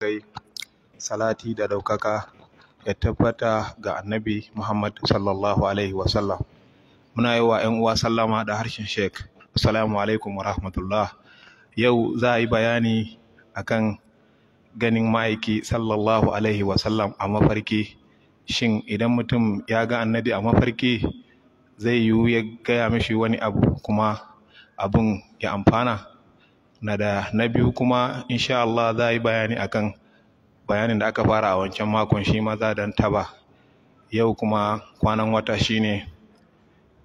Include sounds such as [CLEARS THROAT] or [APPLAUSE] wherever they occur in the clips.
kai salati da ɗaukaka ya tabbata ga annabi Muhammad sallallahu Alaihi wasallam. Muna yi wa ‘yan uwa sallama da harshen Sheikh, Assalamu alaikum wa rahmatullah. Yau za a yi bayani a kan ganin ma'aiki sallallahu Alaihi wasallam a mafarki. Shin idan mutum ya ga annabi a mafarki zai yiwu ya gaya mishi wani abu kuma abun ya amfana? na da na biyu kuma insha Allah za a yi bayani akan bayanin da aka fara a wancan makon shi maza don taba yau kuma kwanan wata shine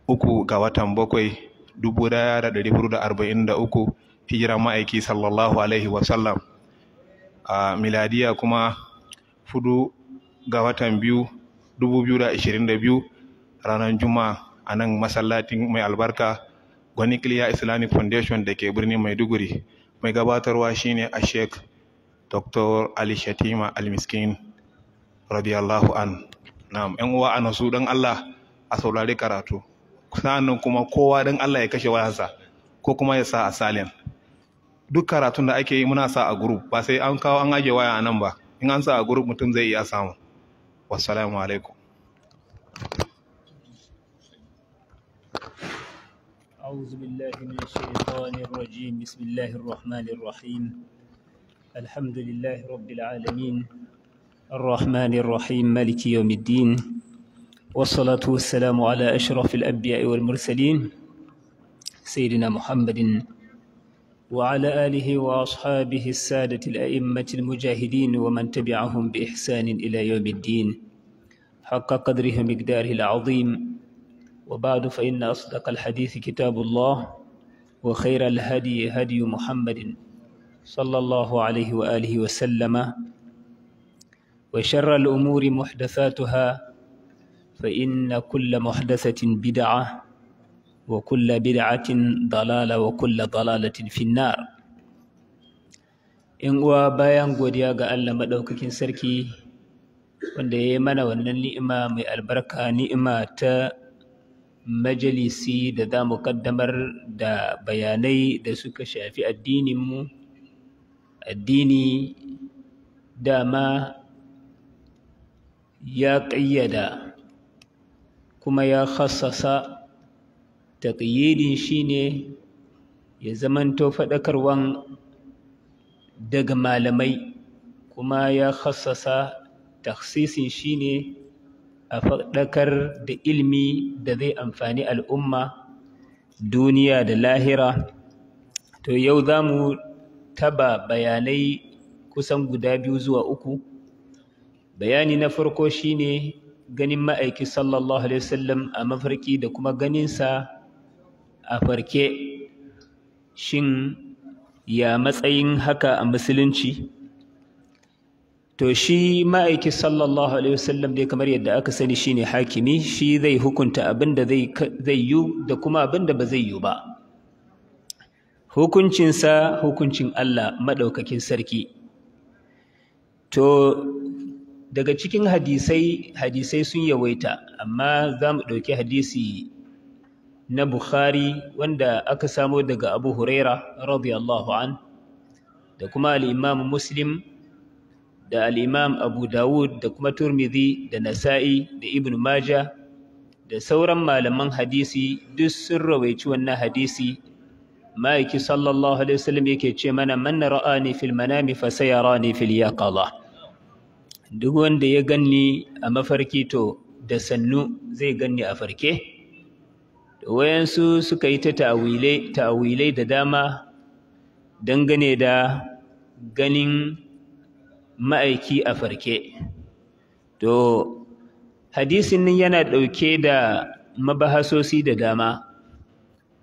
uku ga watan bakwai dubu daya da dari hudu da arba'in da uku hijira ma'aiki sallallahu alaihi wasallam a miladiya kuma fudu ga watan biyu dubu biyu da ashirin da biyu ranar juma'a a nan masallacin mai albarka gwani kiliya islamic foundation da ke birnin maiduguri mai gabatarwa shine a sheik dr ali shatima almiskin radiyallahu an na'am yan uwa a nasu don allah a saurari karatu sa'annan kuma kowa don allah ya kashe wayansa ko kuma ya sa a salin duk karatun da ake yi muna sa a group ba sai an kawo an ajiye waya a nan ba in an sa a group mutum zai iya samu wassalamu alaikum أعوذ بالله من الشيطان الرجيم بسم الله الرحمن الرحيم الحمد لله رب العالمين الرحمن الرحيم مالك يوم الدين والصلاة والسلام على أشرف الأنبياء والمرسلين سيدنا محمد وعلى آله وأصحابه السادة الأئمة المجاهدين ومن تبعهم بإحسان إلى يوم الدين حق قدره مقداره العظيم وبعد فإن أصدق الحديث كتاب الله وخير الهدي هدي محمد صلى الله عليه وآله وسلم وشر الأمور محدثاتها فإن كل محدثة بدعة وكل بدعة ضلالة وكل ضلالة في النار in uwa bayan godiya ga Allah maɗaukakin sarki wanda ya yi mana wannan ni'ima mai albarka ni'ima ta majalisi da za mu kaddamar da bayanai da suka shafi addininmu addini dama ya ƙayyada kuma ya khassasa taƙayyidin shi ne ya zamanto faɗakarwan daga malamai kuma ya khassasa taksisin shi ne a faɗakar da ilmi da zai amfani al'umma duniya da lahira to yau za mu taba bayanai kusan guda biyu zuwa uku bayani na farko shine ganin ma'aiki sallallahu alaihi wasallam a mafarki da kuma ganinsa a farke shin ya matsayin haka a musulunci to shi ma'aiki sallallahu alaihi wasallam dai kamar yadda aka sani shine hakimi shi zai hukunta abin da zai zai yi da kuma abin da ba zai yi ba hukuncinsa hukuncin Allah madaukakin sarki to daga cikin hadisai hadisai sun yawaita amma za mu ɗauki hadisi na Bukhari wanda aka samo daga Abu Huraira radiyallahu an da kuma al-Imam Muslim da Alimam, imam abu dawud da kuma Turmizi da nasa'i da ibn maja da sauran malaman hadisi duk sun rawaici wannan hadisi ma'aiki sallallahu alaihi wasallam yake ce mana man ne fil manami fa ne fil yaqadha duk wanda ya ganni a mafarki to da sannu zai ganni a farke wayansu suka yi ta ta'awilai ta'awilai da dama dangane da ganin ma'aiki a farke to hadisin nan yana ɗauke da mabahasosi da dama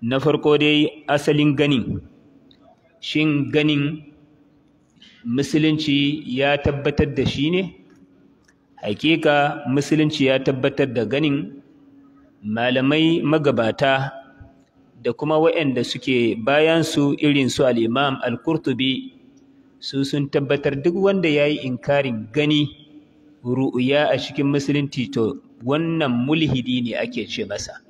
na farko dai asalin ganin shin ganin musulunci ya tabbatar da shi ne hakika musulunci ya tabbatar da ganin malamai magabata da kuma waɗanda suke bayan bayansu su al'imam al-kurtubi su sun tabbatar duk wanda ya yi inkarin gani ru'uya a cikin musulunci to wannan mulhidi ne ake ce masa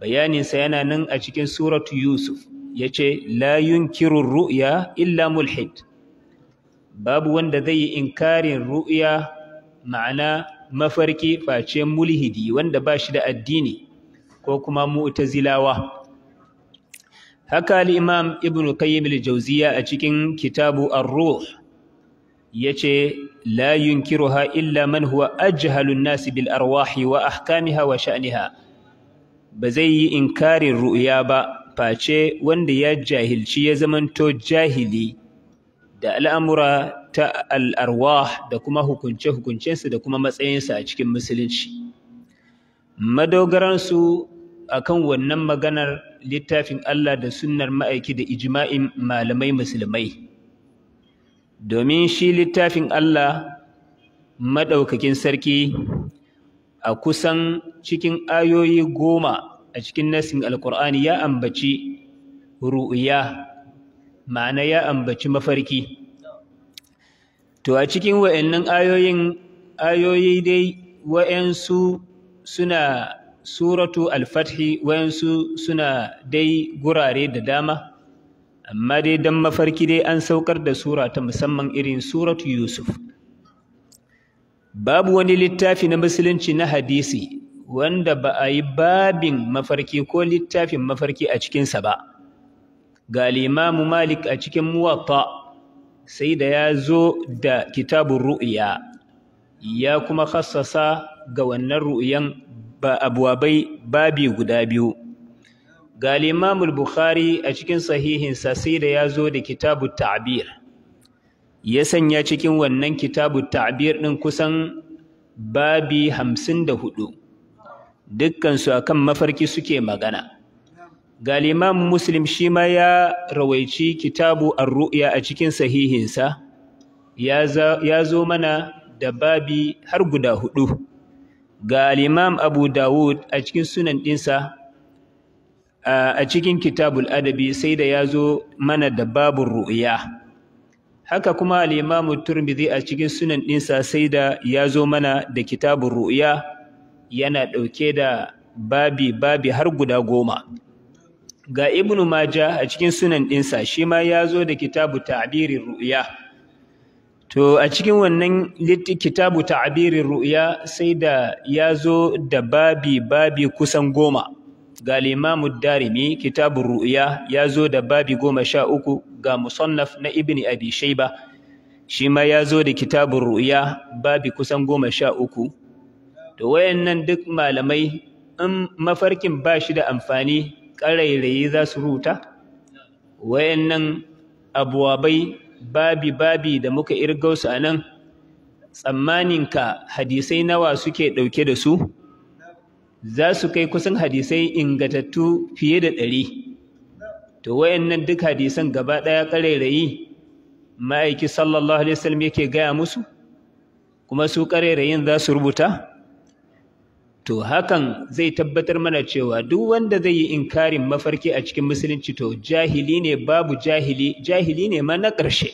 bayaninsa yana nan a cikin suratu yusuf ya ce la yunkiru ru'ya illa mulhid babu wanda zai yi inkarin ru'ya ma'ana mafarki face mulhidi wanda ba shi da addini ko kuma mu'tazilawa haka alimam imam ibn qayyim al a cikin kitabu ar-ruh ce, la yunkiruha illa man huwa ajhalu an bil arwahi wa ahkamiha wa sha'niha ba zai yi inkarin ru'uya ba face wanda ya jahilci ya zamanto jahili da al'amura ta al'arwah da kuma hukunce-hukuncensu da kuma matsayinsu a cikin musulunci madogaransu akan wannan maganar littafin Allah da sunnar ma'aiki da ijma'in malamai musulmai domin shi littafin Allah madaukakin sarki a kusan cikin ayoyi goma a cikin nasin alkur'ani ya ambaci ru'uya ma'ana ya ambaci mafarki to a cikin wa'annan ayoyin ayoyi dai wa'ansu suna suratu alfathi wayansu suna dai gurare da dama amma dai dan mafarki dai an saukar da sura ta musamman irin suratu yusuf babu wani littafi na musulunci na hadisi wanda ba a yi babin mafarki ko littafin mafarki a cikinsa ba ga limamu malik a cikin muwatta sai da ya zo da kitabun ru'iya ya kuma khassasa ga wannan ru'iyan Ba abuwabai babi guda biyu ga Imam Bukhari a cikin sahihinsa sai da ya zo da kitabu ta'bir ya sanya cikin wannan kitabu ta'bir ɗin kusan babi hamsin da hudu dukkansu kan mafarki suke magana ga Imam Muslim shi ma ya rawaici kitabu ar-ru'ya a cikin sahihinsa ya zo mana da babi har guda hudu ga al-Imam Abu Dawud a cikin sunan dinsa, a cikin kitabul adabi sai da ya zo mana da babun ru'ya haka kuma al-Imam Tirmidhi a cikin sunan dinsa, sai da ya zo mana da kitabun ru'ya yana dauke da babi babi har guda goma ga Ibn Majah a cikin sunan dinsa, shi ma ya zo da kitabu ta'birir ru'ya to a cikin wannan kitabu ta'abirin ru'ya sai da ya zo da babi babi kusan goma ga limamu darimi kitabun ru'ya ya zo da babi goma sha uku ga musannaf na ibni abi shaiba shi ma ya zo da kitabun ru'ya babi kusan goma sha uku to wayannan duk malamai in mafarkin ba shi da amfani ƙarairayi za su ruta wayannan abuwabai babi-babi da muka irgau su a nan tsammaninka hadisai nawa suke ɗauke da su za su kai kusan hadisai ingantattu fiye da ɗari to wayannan duk hadisan gaba ɗaya ƙarairayi ma'aiki sallallahu alaihi wasallam yake gaya musu kuma su ƙarairayin za su rubuta to hakan zai tabbatar mana cewa duk wanda zai yi inkarin mafarki a cikin musulunci to jahili ne babu jahili jahili ne ma na ƙarshe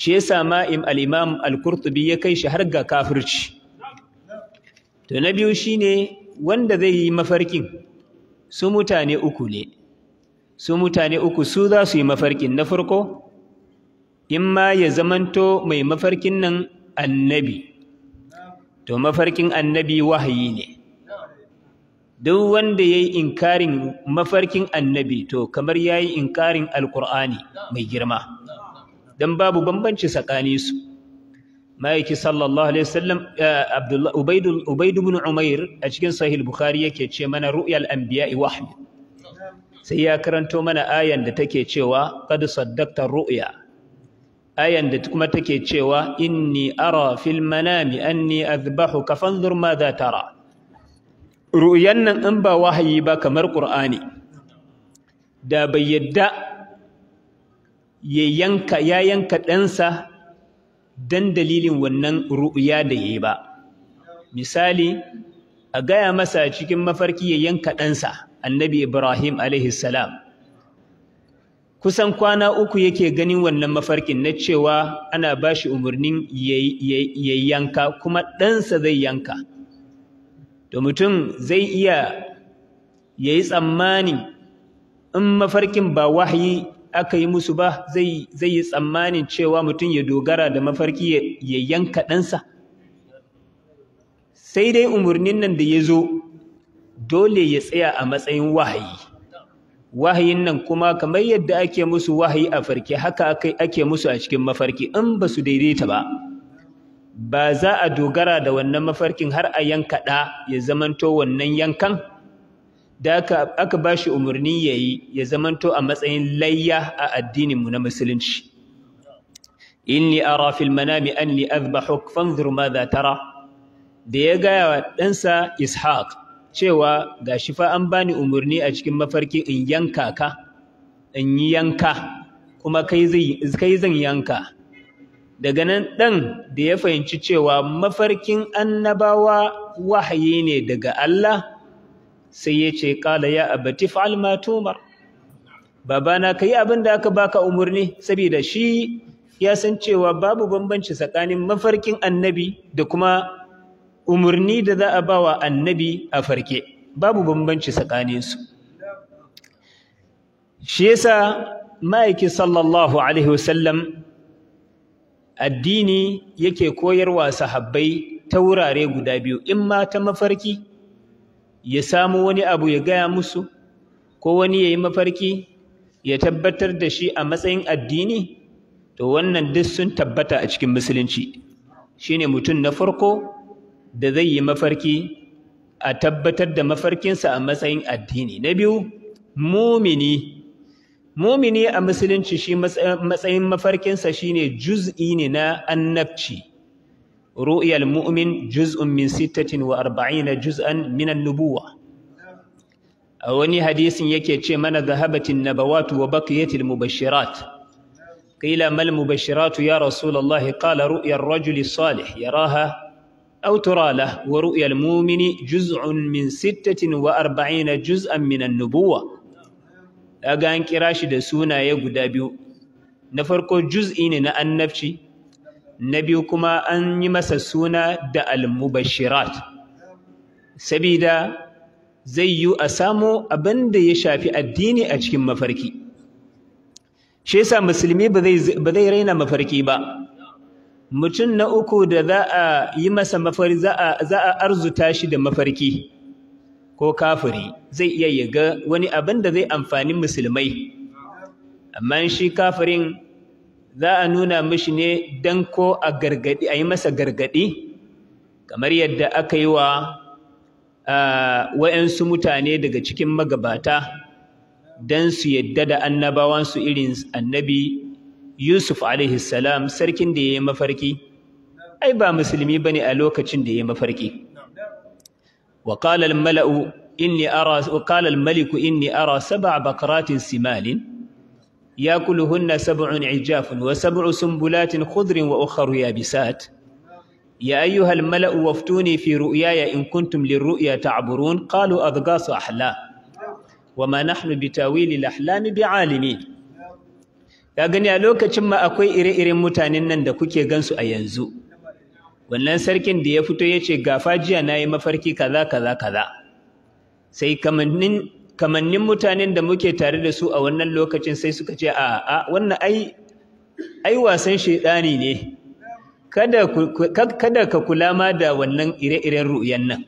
shi yasa ma im al-imam al-qurtubi ya kai shi har ga kafirci to na biyu shine wanda zai yi mafarkin su mutane uku ne su mutane uku su za su yi mafarkin na farko in ma ya zamanto mai mafarkin nan annabi to mafarkin annabi wahayi ne duk wanda yayi yi inkarin mafarkin annabi to kamar yayi inkarin alkur'ani mai girma dan babu bambanci tsakani su ma'aiki sallallahu alaihi wasallam eh, ubaidu bin umair a cikin sahih bukhari yake ce mana ru'yal anbiya'i wahmi sai ya karanto mana ayan da take cewa qad saddaqta ru'ya ayan da kuma take cewa inni ara fil manami anni azbahuka fanzur ma za tara ru'yan nan in ba wahayi ba kamar qur'ani da bai yadda ya yanka ya yanka ɗansa dan dalilin wannan ru'ya da yayi ba misali a gaya masa cikin mafarki ya yanka ɗansa annabi ibrahim alaihi salam kusan kwana uku yake ganin wannan mafarkin na cewa ana bashi shi umarnin ya yanka kuma ɗansa zai yanka to mutum zai iya ya yi tsammani in mafarkin ba wahayi aka yi musu ba zai yi tsammanin cewa mutum ya dogara da mafarki ya yanka ɗansa sai dai umarnin nan da ya zo dole ya tsaya a matsayin wahayi wahayin nan kuma kamar yadda ake musu wahayi a farke haka ake musu a cikin mafarki in ba su daidaita ba ba za a dogara da wannan mafarkin har a yanka ɗa ya zamanto wannan yankan da aka ba shi umarni ya yi ya zamanto a matsayin layya a mu na musulunci inni ara fil manami anni azbahuk fanzur madha tara da ya gaya wa ɗansa ishaq cewa gashi fa an bani umurni a cikin mafarki in yanka ka in yi yanka kuma kai zan yanka daga nan ɗan da ya fahimci cewa mafarkin annabawa wahayi ne daga Allah sai ya ce ƙala ya abati fa'al tumar babana ka yi abin da aka baka umarni saboda shi ya san cewa babu bambanci tsakanin mafarkin annabi da kuma umarni da za a bawa annabi a farke babu bambanci tsakaninsu shi yasa ma'aiki sallallahu alaihi wasallam addini yake koyarwa sahabbai ta wurare guda biyu in ma ta mafarki ya samu wani abu ya gaya musu ko wani ya yi mafarki ya tabbatar da shi a matsayin addini to wannan duk sun tabbata a cikin musulunci shine mutum na farko da zai yi mafarki a tabbatar da mafarkinsa a matsayin addini na biyu mumini mumini a musulunci shi matsayin mafarkinsa shine juz'i ne na annabci ru'yal mu'min juz'un min 46 juz'an min nubuwa a wani hadisin yake ce mana zahabatin nabawatu wa baqiyatil mubashirat qila mal mubashiratu ya rasulullah qala ru'yar rajuli salih yaraha أو ترى له ورؤيا المؤمن جزء من ستة وأربعين جزءا من النبوة أجا أنك راشد سونا يقود أبيو نفرقو جزئين نأنفشي نبيكما أن يمس سونا دا المبشرات سبيدا zai yiwu a samo abin da ya shafi addini a cikin mafarki shi yasa musulmi ba zai raina mafarki ba mutum na uku da za a yi masa mafari za a arzuta shi da mafarki ko kafiri zai iya ga wani abin da zai amfani musulmai amma shi kafirin za a nuna mishi ne don ko a gargadi a yi masa gargadi kamar yadda aka yi wa wa'yansu mutane daga cikin magabata don su yadda da annabawansu irin annabi Yusuf alaihi salam sarkin da yayi mafarki ai ba musulmi bane a lokacin da yayi mafarki wa qala al mala'u inni ara wa qala al maliku inni ara sab'a baqaratin simalin yakuluhunna sab'un ijafun wa sab'u sumbulatin khudrin wa ukharu yabisat يا أيها الملأ وافتوني في رؤياي إن كنتم للرؤيا تعبرون قالوا أضغاث أحلام وما نحن بتاويل الأحلام بعالمين ka gani a lokacin ma akwai ire-iren mutanen nan da kuke gansu a yanzu wannan sarkin da ya fito ya ce gafa jiya na yi mafarki kaza kaza kaza sai kamannin kamannin mutanen da muke tare da su a wannan lokacin sai suka ce a a wannan ai wasan shedani ne kada ka kula ma da wannan ire-iren ru'yan nan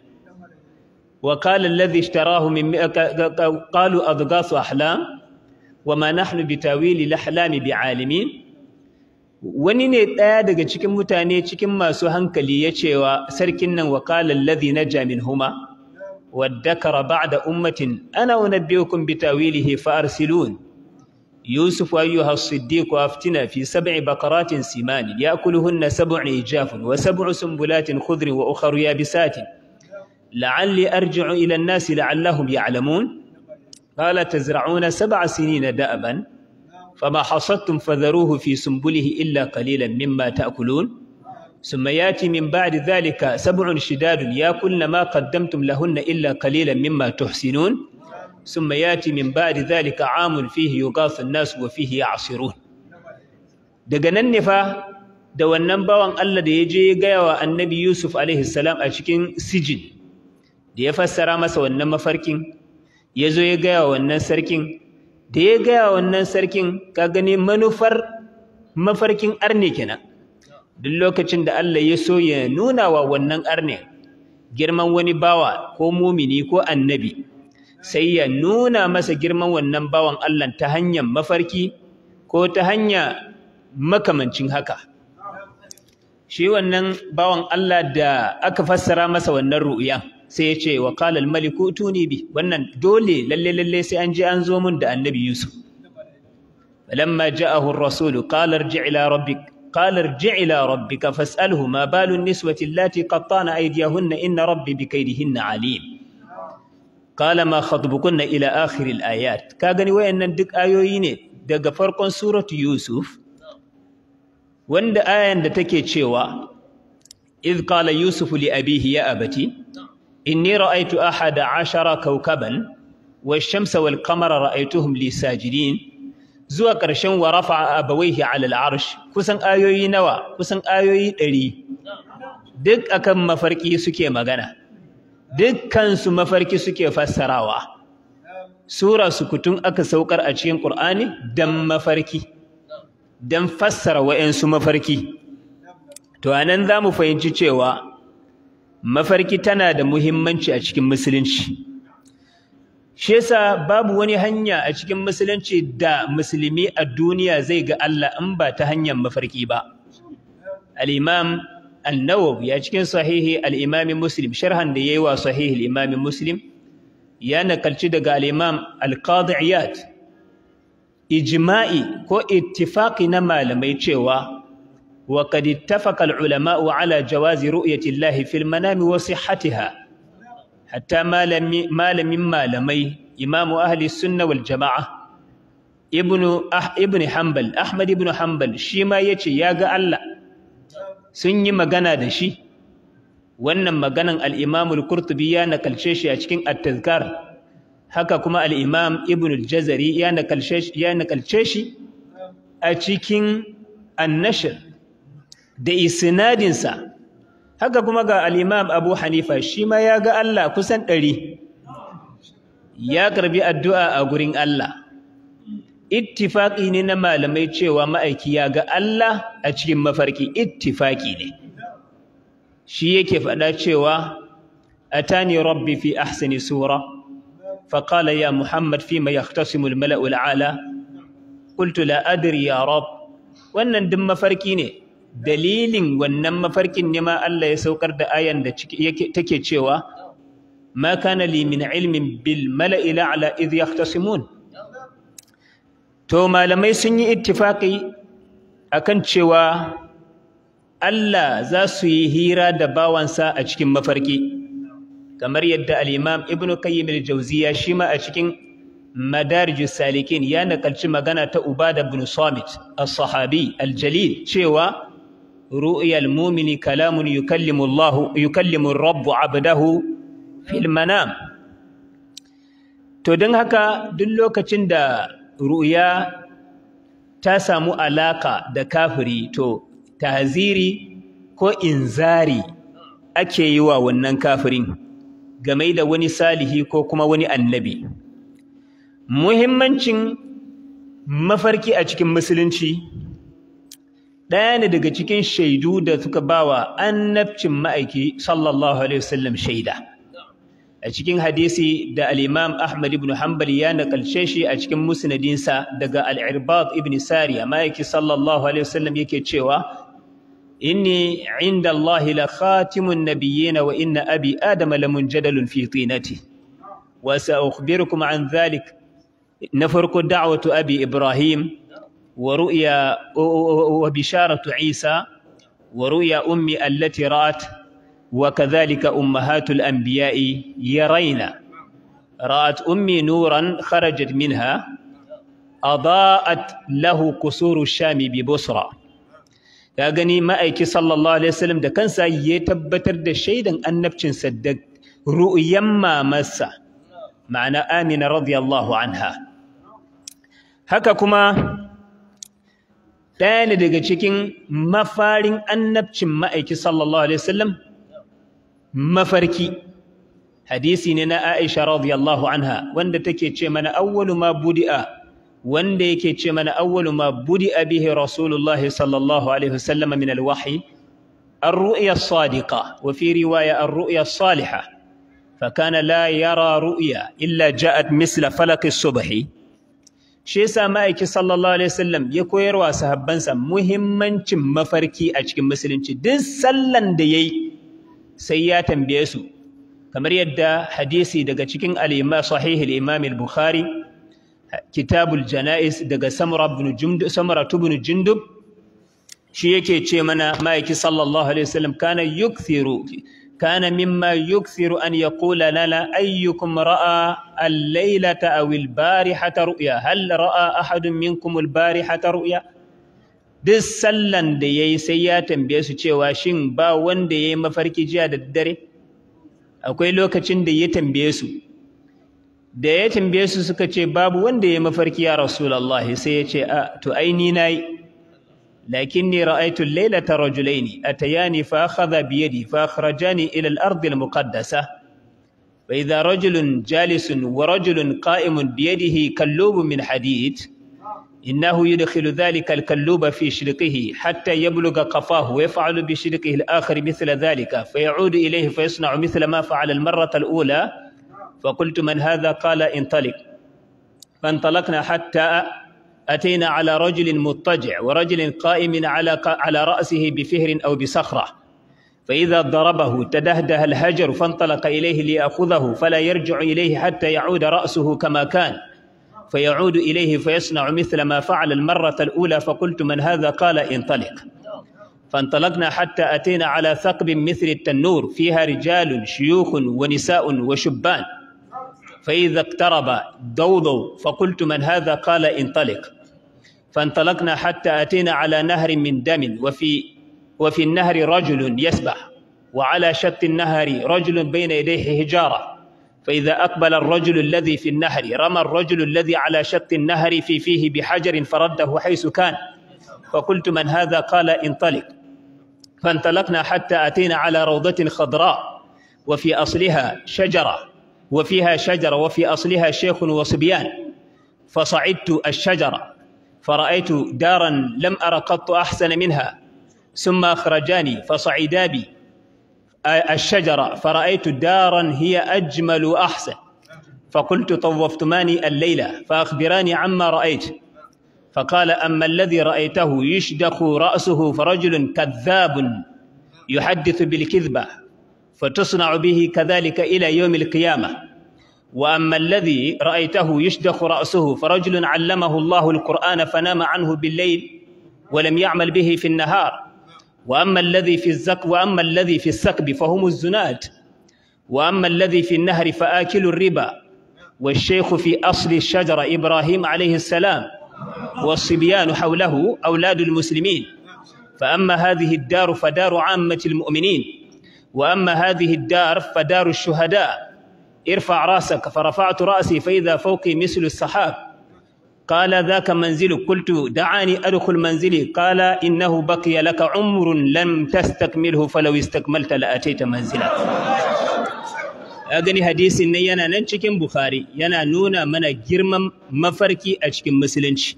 وقال الذي اشتراه من مئة قالوا a أحلام wa ma nahnu bi tawili lahlami bi alimin wani ne ɗaya daga cikin mutane cikin masu hankali ya cewa sarkin nan waƙalar lazi na jamin huma waddakara ba da ummatin ana unabbiyukum bi tawilihi fa arsilun yusuf ayyuha as-siddiq aftina fi sab'i baqaratin siman ya'kuluhunna sab'u ijafun wa sab'u sumbulatin khudrin wa ukhra yabisatin la'alli arji'u ila an-nasi la'allahum ya'lamun قال تزرعون سبع سنين دأبا فما حصدتم فذروه في سنبله إلا قليلا مما تأكلون ثم ياتي من بعد ذلك سبع شداد ياكلن ما قدمتم لهن إلا قليلا مما تحسنون ثم ياتي من بعد ذلك عام فيه يغاث الناس وفيه يعصرون daga nan ne fa da wannan bawan Allah da ya je ya gaya wa annabi Yusuf alaihi salam a cikin sijin da ya fassara masa wannan mafarkin ya zo ya gaya wannan sarkin da ya gaya wannan sarkin ka gani manufar mafarkin arne kenan duk lokacin da Allah ya so ya nuna wa wannan arne girman wani bawa ko mumini ko annabi sai ya nuna masa girman wannan bawan Allah ta hanyar mafarki ko ta hanyar makamancin haka shi wannan bawan Allah da aka fassara masa wannan ru'uyan. sai ya ce wa qala maliku tuni bi wannan dole lalle lalle sai an je an zo mun da annabi yusuf falamma ja'ahu ar-rasul qala irji' ila rabbik qala irji' ila rabbika fas'alhu ma balu an-niswati allati qattana aydiyahunna inna rabbi bikaydihinna alim qala ma khatbukunna ila akhir al-ayat ka gani wayannan duk ayoyi ne daga farkon suratu yusuf wanda ayan da take cewa iz qala yusuf li abihi ya abati inni ra'aytu ahada ashara kawkaban wa shamsa wal-qamara ra'aytuhum li sajidin zuwa ƙarshen wa rafa'a abawaihi 'ala al-'arsh kusan ayoyi nawa kusan ayoyi 100 duk akan mafarki suke magana dukkansu mafarki suke fassarawa sura sukutun aka saukar a cikin Qur'ani dan mafarki dan fassara wa'ansu mafarki to anan zamu fahimci cewa mafarki tana da muhimmanci a cikin musulunci shi yasa babu wani hanya a cikin musulunci da musulmi a duniya zai ga Allah in ba ta hanyar mafarki ba al-imam an-nawawi ya cikin sahihi al-imam muslim sharhan da yayi wa sahihi al-imam muslim ya nakalci daga al-imam al-qadi ijma'i ko ittifaqi na malamai cewa وقد اتفق العلماء على جواز رؤية الله في المنام وصحتها حتى مال مال من مالمي إمام أهل السنة والجماعة ابن أح ابن حنبل أحمد ابن حنبل شيما يتي ياغا الله سني مغانا دشي wannan maganan al-Imam al-Qurtubi ya nakalce shi a cikin at-Tazkar haka kuma al-Imam Ibn al-Jazari ya nakalce shi ya nakalce shi a cikin an-Nashr da isnadinsa haka kuma ga al'imam abu hanifa shi ma ya ga Allah kusan ɗari ya karbi addu'a a gurin Allah ittifaƙi ne na malamai cewa ma'aiki ya ga Allah a cikin mafarki ittifaƙi ne shi yake faɗa cewa atani rabbi fi ahsani sura فقال يا محمد فيما يختصم الملأ الأعلى قلت لا أدري يا رب wannan duk mafarki ne dalilin wannan mafarkin ne ma Allah ya saukar da ayan da take cewa ma kana li min ilmin bil mala'i la'ala idh yahtasimun to malamai sun yi ittifaqi akan cewa Allah za su yi hira da bawansa a cikin mafarki kamar yadda al-Imam Ibn Qayyim al-Jawziyya shi ma a cikin Madarijus Salikin ya nakalci magana ta Uba da Samit as-Sahabi al cewa رؤيا المؤمن كلام يكلم الله يكلم الرب عبده to don haka duk lokacin da ru'ya ta samu alaƙa da kafiri to tahziri ko inzari ake yi wa wannan kafirin game da wani salihi ko kuma wani annabi muhimmancin mafarki a cikin musulunci ɗaya ne daga cikin shaidu da suka bawa annabcin ma'aiki sallallahu alaihi wasallam shaida a cikin hadisi da al-Imam Ahmad ibn Hanbal ya nakalce shi a cikin musnadinsa daga al-Irbad ibn Sariya ma'aiki sallallahu alaihi wasallam yake cewa inni inda Allah la khatimun nabiyyin wa inna abi adama lamunjadalun fi tinati wa sa'ukhbirukum an dhalik na farko da'watu abi Ibrahim ورؤيا وبشارة عيسى ورؤيا أمي التي رأت وكذلك أمهات الأنبياء يرين رأت أمي نورا خرجت منها أضاءت له كسور الشام ببصرة ya gani ma'aiki sallallahu alaihi wasallam da kansa ya tabbatar da shaidan annabcinsa da ru'yan mamarsa ma'ana amina radiyallahu anha haka kuma ɗaya ne daga cikin mafarin annabcin ma'aiki sallallahu alaihi wasallam mafarki hadisi ne na Aisha radiyallahu anha wanda take ce mana awwalu ma budi'a wanda yake ce mana awwalu ma budi'a bihi rasulullahi sallallahu alaihi wasallam min alwahyi الرؤيا ruya وفي رواية الرؤيا الصالحة فكان لا يرى رؤيا إلا جاءت مثل فلق الصبح shi yasa ma'aiki sallallahu alaihi wasallam ya koyarwa sahabbansa muhimmancin mafarki a cikin musulunci duk sallan da yayi sai ya tambaye su kamar yadda hadisi daga cikin al-Imam sahih al-Imam al-Bukhari kitabul janais daga Samura ibn Jundub Samura ibn Jundub shi yake ce mana ma'aiki sallallahu alaihi wasallam kana yukthiru كان مما يكثر أن يقول لنا أيكم رأى الليلة أو البارحة رؤيا هل رأى أحد منكم البارحة رؤيا duk sallan da ya yi sai ya tambaye su cewa shin ba wanda ya yi mafarki jiya da dare? akwai lokacin da ya tambaye su da ya tambaye su suka ce babu wanda ya yi mafarki ya rasulallah sai ya ce a to ai ni na yi لكني رأيت الليلة رجلين أتياني فأخذ بيدي فأخرجاني إلى الأرض المقدسة فإذا رجل جالس ورجل قائم بيده كلوب من حديد إنه يدخل ذلك الكلوب في شرقه حتى يبلغ قفاه ويفعل بشرقه الآخر مثل ذلك فيعود إليه فيصنع مثل ما فعل المرة الأولى فقلت من هذا قال انطلق فانطلقنا حتى أتينا على رجل مضطجع ورجل قائم على على رأسه بفهر أو بصخرة فإذا ضربه تدهده الهجر فانطلق إليه ليأخذه فلا يرجع إليه حتى يعود رأسه كما كان فيعود إليه فيصنع مثل ما فعل المرة الأولى فقلت من هذا قال انطلق فانطلقنا حتى أتينا على ثقب مثل التنور فيها رجال شيوخ ونساء وشبان فإذا اقترب ضوضوا فقلت من هذا قال انطلق فانطلقنا حتى أتينا على نهر من دم وفي وفي النهر رجل يسبح وعلى شط النهر رجل بين يديه حجارة فإذا أقبل الرجل الذي في النهر رمى الرجل الذي على شط النهر في فيه بحجر فرده حيث كان فقلت من هذا قال انطلق فانطلقنا حتى أتينا على روضة خضراء وفي أصلها شجرة وفيها شجرة وفي أصلها شيخ وصبيان فصعدت الشجرة فرأيت دارا لم أر قط أحسن منها ثم أخرجاني فصعدا بي الشجرة فرأيت دارا هي أجمل وأحسن فقلت طوفتماني الليلة فأخبراني عما رأيت فقال أما الذي رأيته يشدخ رأسه فرجل كذاب يحدث بالكذبة فتصنع به كذلك إلى يوم القيامة وأما الذي رأيته يشدخ رأسه فرجل علمه الله القرآن فنام عنه بالليل ولم يعمل به في النهار وأما الذي في الزك وأما الذي في السكب فهم الزناد وأما الذي في النهر فآكل الربا والشيخ في أصل الشجرة إبراهيم عليه السلام والصبيان حوله أولاد المسلمين فأما هذه الدار فدار عامة المؤمنين وأما هذه الدار فدار الشهداء ارفع راسك فرفعت راسي فاذا فوقي مثل السحاب قال ذاك منزلك قلت دعاني ادخل منزلي قال انه بقي لك عمر لم تستكمله فلو استكملت لاتيت منزلك gani hadisin na yana nan cikin Bukhari yana nuna mana girman mafarki a cikin musulunci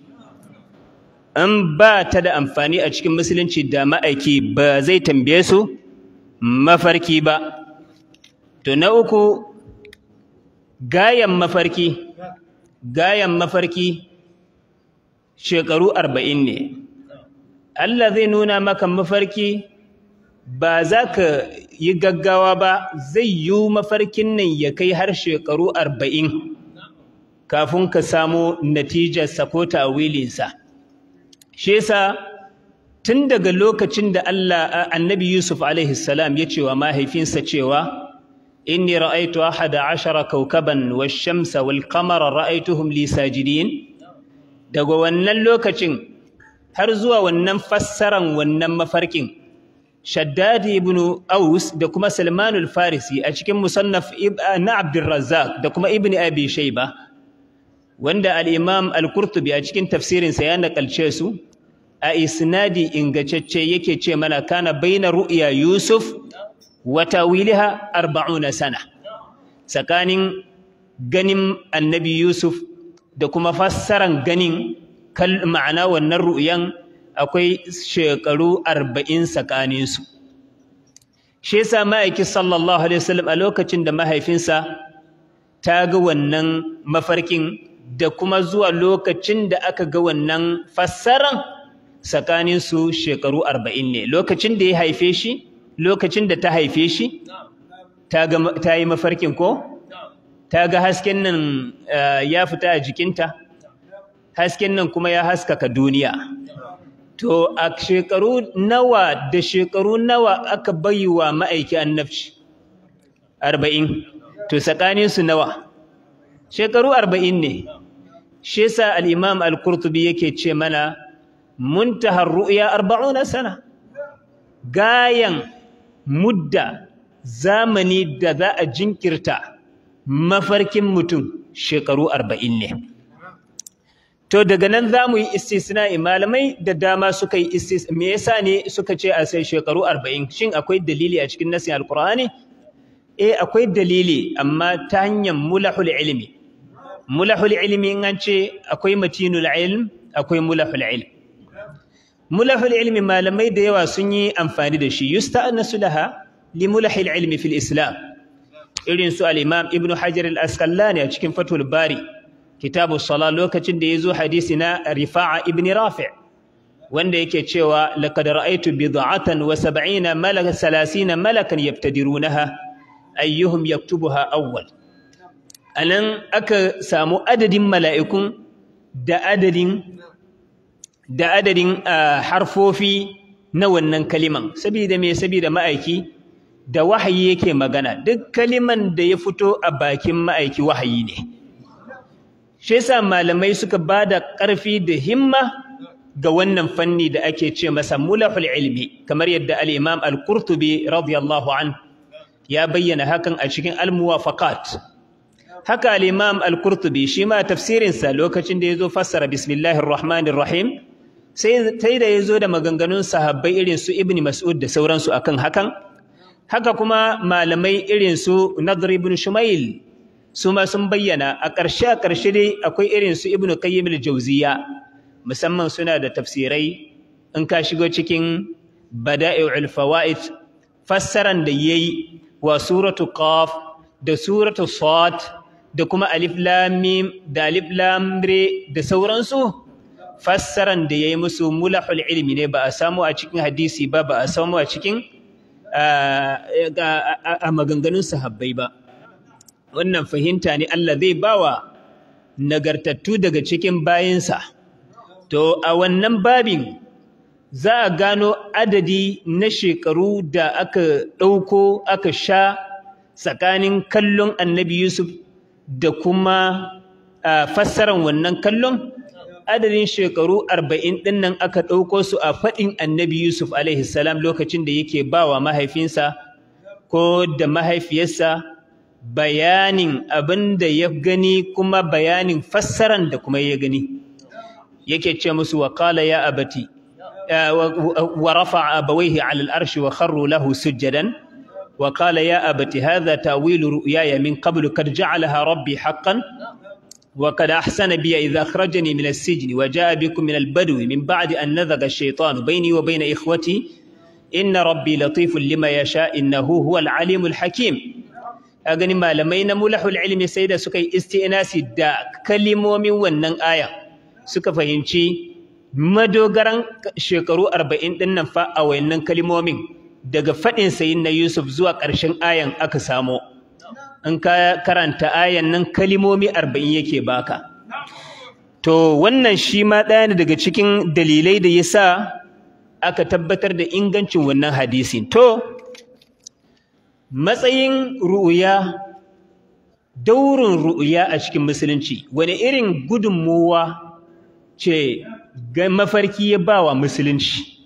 an ba ta da amfani a cikin musulunci da ma'aiki ba zai tambaye su mafarki ba to na uku gayan mafarki gayan mafarki shekaru arba'in ne Allah zai nuna maka mafarki ba za ka yi gaggawa ba zai yi mafarkin nan ya kai har shekaru arba'in kafin ka samu natijarsa sakota a shi yasa tun daga lokacin da Allah annabi Yusuf alaihi salam ya ce wa mahaifinsa cewa إني رأيت أحد عشر shamsa wal والقمر رأيتهم لي ساجدين daga wannan lokacin har zuwa wannan fassaran wannan mafarkin Shaddad ibn Aus da kuma Salman al-Farisi a cikin musannaf eh, na Abdul da kuma Ibn Abi Shayba wanda al-Imam al-Qurtubi a cikin tafsirin sa ya nakalce su a isnadi ingacacce yake ce mana kana baina ru'ya Yusuf Wata wiliha 40 sana tsakanin ganin annabi Yusuf da kuma fassaran ganin kal ma'ana wannan ru'yan akwai shekaru 40 tsakanin su shi yasa ma'aiki sallallahu alaihi wasallam a lokacin da mahaifinsa ta ga wannan mafarkin da kuma zuwa lokacin da aka ga wannan fassaran tsakanin su shekaru 40 ne lokacin da ya haife shi lokacin da ta haife shi ta yi mafarkin ko ta ga hasken nan eh, ya fita a jikinta hasken nan kuma ya haskaka duniya to a shekaru nawa da shekaru nawa aka bayi wa ma'aiki annabci arba'in to tsakaninsu nawa shekaru arba'in ne shi sa al'imam al-kurtubi yake ce mana muntahar ru'ya arba'una sana gayan mudda zamani da za a jinkirta mafarkin mutum shekaru arba'in ne to daga nan za mu yi istisna malamai da dama suka yi istisna, me yasa ne suka ce a sai shekaru arba'in shin akwai dalili a cikin nasin alkur'ani E eh, akwai dalili amma ta hanyar mulahul ilmi mulahul ilmi in an ce akwai matinul ilm akwai mulahul ilm mulahul ilmi malamai da yawa sun yi amfani da shi yusta'annasu laha li mulahil ilmi fil islam irin su al-imam ibnu hajar al-asqalani a cikin fathul bari kitabu sala lokacin da yazo hadisi na rifa'a ibn rafi' wanda yake cewa laqad ra'aytu bid'atan wa sab'ina malaka salasina malakan yabtadirunaha ayyuhum yaktubuha awwal anan aka samu adadin mala'ikun da adadin da adadin harfofi na wannan kaliman saboda me saboda ma'aiki da wahayi yake magana duk kaliman da ya fito a bakin ma'aiki wahayi ne shi yasa malamai suka bada ƙarfi da himma ga wannan fanni da ake ce masa mulahul ilmi kamar yadda al-imam al-qurtubi radiyallahu an ya bayyana hakan a cikin al-muwafaqat haka al-imam al-qurtubi shi ma tafsirinsa lokacin da ya zo fassara bismillahir rahmanir rahim sai da ya zo da maganganun sahabbai irin su Ibn Mas'ud da sauransu akan hakan haka kuma malamai irin su Nadr ibn Shumail su ma sun bayyana a ƙarshe a ƙarshe dai akwai irin su Ibn Qayyim al-Jawziya musamman suna da tafsirai in ka shigo cikin Bada'i'ul Fawaid fassaran da yayi wa suratu Qaf da suratu Sad da kuma Alif Lam Mim da Alif Lam Re da sauransu fassaran da ya yi musu mulahul ilmi ne ba a samu a cikin hadisi ba ba a samu a cikin a maganganun sahabbai ba wannan fahimta ne Allah zai bawa nagartattu daga cikin bayansa. to a wannan babin za a gano adadi na shekaru da aka ɗauko aka sha tsakanin kallon annabi yusuf da kuma fassaran wannan kallon adadin shekaru arba'in ɗin nan aka ɗauko su a faɗin annabi Yusuf alaihi salam lokacin da yake ba wa mahaifinsa ko da mahaifiyarsa bayanin abin da ya gani kuma bayanin fassaran da kuma ya gani yake ce musu wa qala ya abati wa rafa'a abawayhi 'ala arshi wa kharru lahu sujadan wa qala ya abati hadha ta'wilu ru'yaya min qablu kad ja'alaha rabbi haqqan وقد أحسن بي إذا أخرجني من السجن وجاء بكم من البدو من بعد أن نذق الشيطان بيني وبين إخوتي إن ربي لطيف لما يشاء إنه هو العليم الحكيم أغني ما لمين ملح العلم سيدة سكي استئناس دا كلمة من ونن آية سكا فهمشي madogaran shekaru arba'in ɗin nan fa a wayannan kalmomin daga faɗin sayin na Yusuf zuwa ƙarshen ayan aka samo in ka karanta ayan nan kalimomi arba'in yake baka to wannan shi ma ɗaya ne daga cikin dalilai da ya sa aka tabbatar da ingancin wannan hadisin to matsayin ru'uya daurin ru'uya a cikin musulunci wani irin gudunmowa ce mafarki ya ba wa musulunci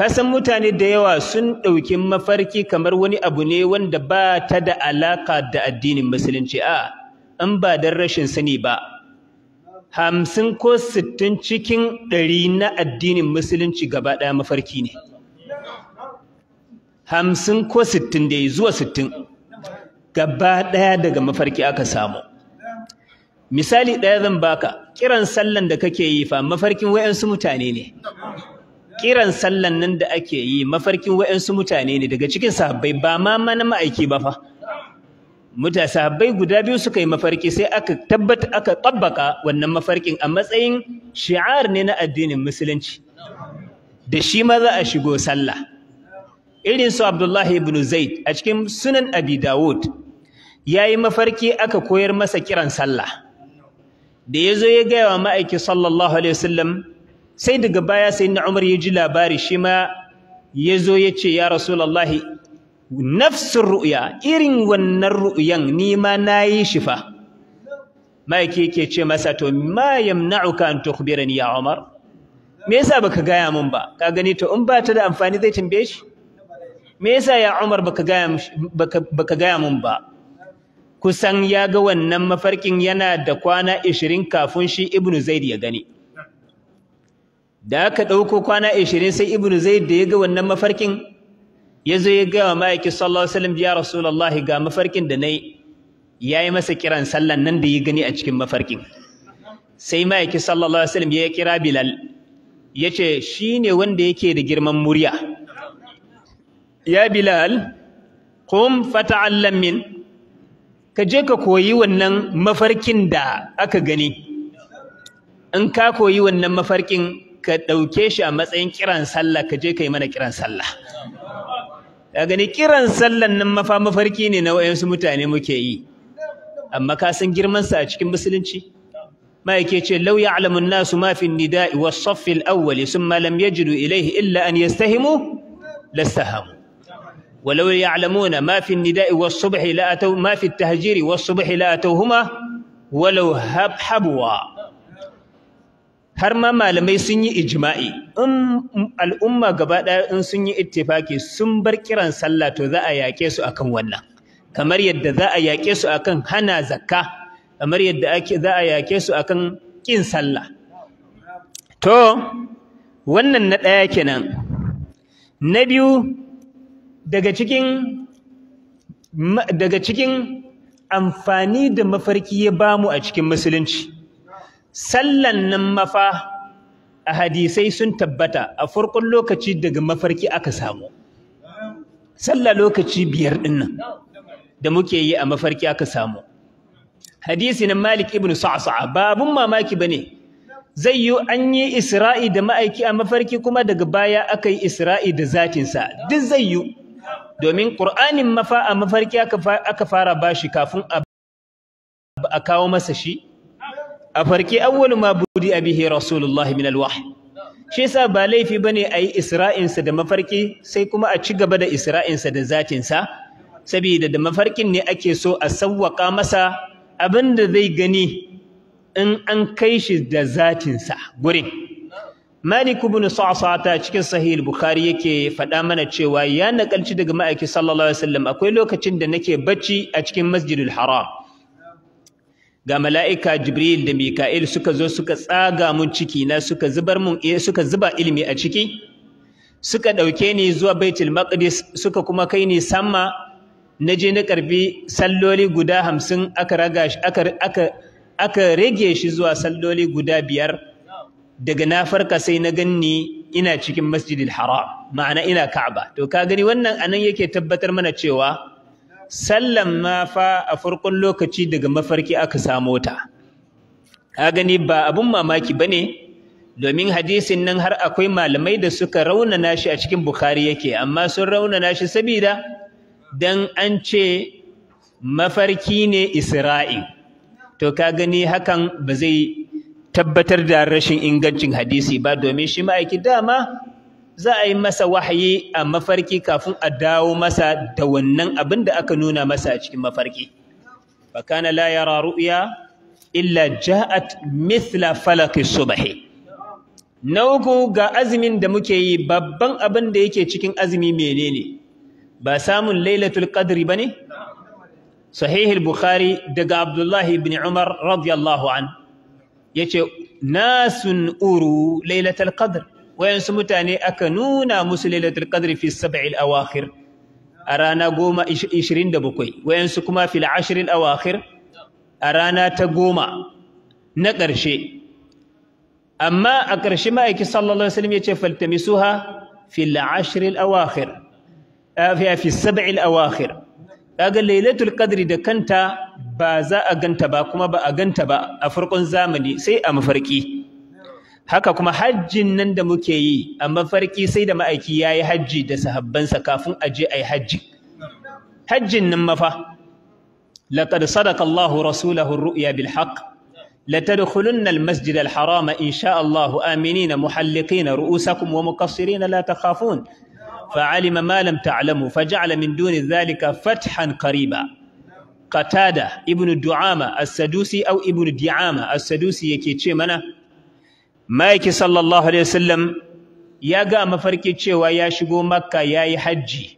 kasan mutane da yawa sun ɗauki mafarki kamar wani abu ne wanda ba ta da alaƙa da addinin musulunci a in ba don rashin sani ba hamsin ko sittin cikin ɗari na addinin musulunci gaba ɗaya mafarki ne hamsin ko sittin dai zuwa sittin gaba ɗaya daga mafarki aka samu misali ɗaya zan baka kiran sallan da kake yi fa mafarkin wayansu mutane ne kiran sallan nan da ake yi mafarkin wa'yansu mutane ne daga cikin sahabbai ba ma mana ma'aiki ba fa muta sahabbai guda biyu suka yi mafarki sai aka tabbata aka tabbaka wannan mafarkin a matsayin shi'ar ne na addinin musulunci da shi ma za a shigo sallah irin su Abdullahi ibn Zaid a cikin sunan Abi Dawud yayi mafarki aka koyar masa kiran sallah da ya zo ya gaya wa ma'aiki sallallahu alaihi wasallam sai daga baya sayyidina Umar ya ji labari shi ma ya yace ya Rasulullahi nafsin ru'ya irin wannan ru'yan ni ma nayi shi fa ke yake ce masa to ma yamna'uka an tukhbirani ya Umar me yasa baka gaya mun ba ka gani to in ba ta da amfani zai tambaye shi me yasa ya Umar baka gaya gaya mun ba kusan ya ga wannan mafarkin yana da kwana 20 kafin shi ibnu Zaid ya gani da aka ɗauko kwana ashirin sai ibnu zaid da ya ga wannan mafarkin ya zo ya gaya wa ma'aiki sallallahu alaihi wasallam ya rasulullah ga mafarkin da nayi ya yi masa kiran sallan nan da ya gani a cikin mafarkin sai ma'aiki sallallahu alaihi wasallam ya kira bilal ya ce shi ne wanda yake da girman murya ya bilal qum fata'allam min ka je ka koyi wannan mafarkin da aka gani in ka koyi wannan mafarkin ka ɗauke shi a matsayin kiran sallah ka je ka yi mana kiran sallah ka gani kiran sallan nan mafa mafarki ne na wayansu mutane muke yi amma ka san girmansa a cikin musulunci ma yake ce nasu ma fi an soffin awwali sun malam ya jiru lam yajidu ilayhi illa an yastahimu lastahamu ولو يعلمون ما في النداء والصبح لا la'atau mafi في التهجير والصبح la'atau huma ولو habuwa. har ma malamai sun yi ijma'i in al'umma gaba ɗaya in sun yi ittifaki sun bar kiran sallah to za a yaƙe su akan wannan kamar yadda za a yaƙe su akan hana zakka kamar yadda ake za a yaƙe su akan ƙin sallah to wannan na ɗaya kenan na biyu daga cikin daga cikin amfani da mafarki ya bamu a cikin musulunci sallan nan mafa a hadisai sun tabbata a farkon lokaci daga mafarki aka samu sallah lokaci biyar dinnan da muke yi a mafarki aka samu hadisi na Malik ibn Sa'sa'a babun mamaki bane zai yi an yi Isra'i da ma'aiki a mafarki kuma daga baya aka yi Isra'i da zatin sa duk zai yi domin Qur'anin mafa a mafarki aka fara bashi kafin a kawo masa shi a farke awwal ma budi abihi rasulullahi min alwahy shi yasa ba laifi bane ayi isra'insa da mafarki sai kuma a ci gaba da isra'insa da zatinsa saboda da mafarkin ne ake so a sawwaka masa abinda zai gani in an kai shi da zatinsa gurin Malik ibn Sa'sata cikin Sahih Bukhari yake faɗa mana cewa ya nakalci daga ma'aiki sallallahu alaihi wasallam akwai lokacin da nake bacci a cikin Masjidul Haram ga mala'ika Jibril da Mika'il suka zo suka tsaga mun ciki na suka zubar mun eh, suka zuba ilimi a ciki suka ɗauke ni zuwa Baitul Maqdis suka kuma kai ni sama na je na karbi salloli guda hamsin aka aka rage shi zuwa salloli guda biyar daga na farka sai na ganni ina cikin masjidil haram ma'ana ina ka'aba to ka gani wannan anan yake tabbatar mana cewa sallan ma fa a farkon lokaci daga mafarki aka samo ta a gani ba abun mamaki ba ne domin hadisin nan har akwai malamai da suka raunana shi a cikin bukhari yake amma sun raunana shi sabida dan an ce mafarki ne isra'i to ka gani hakan ba zai tabbatar da rashin ingancin hadisi ba domin shi ma'aiki dama za a yi masa wahayi a mafarki kafin a dawo masa da wannan abin da aka nuna masa a cikin mafarki Bakana la yara ru'ya illa ja'at mithla falaki subhi na uku ga azumin da muke yi babban abin da yake cikin azumi menene ba samun lailatul qadri bane sahih al-bukhari daga abdullahi ibn umar radiyallahu an yace nasun uru lailatul qadr wayansu mutane aka nuna musu lailatul qadri fi sab'il awakhir a rana goma ishirin da bakwai wayansu kuma fil ashirin awakhir a rana ta goma na ƙarshe amma a ƙarshe ma'aiki sallallahu alaihi wasallam ya ce faltamisuha fil ashirin awakhir fi sab'il awakhir kaga lailatul qadri da kanta ba za a ganta ba kuma ba a ganta ba a farkon zamani sai a mafarki Haka kuma hajjin nan da muke yi, amma farki sai da ma'aiki ya yi hajji da sahabbansa kafin a je a yi hajji. Hajjin nan mafa, laƙar sadaka Allahu rasulahun ru'ya bil haq, latar hulunan masjid al-harama in sha Allahu amini na muhalliki ru'usa kuma wa mukassiri na latakafun, fa’ali ma malam ta’alamu, fa ja’ala min duni zalika fathan kariba. Qatada ibn Du'ama as-Sadusi au Ibnu Di'ama Asadusi sadusi yake ce mana, ma'aiki sallallahu alaihi wasallam ya ga mafarki cewa ya shigo makka ya yi hajji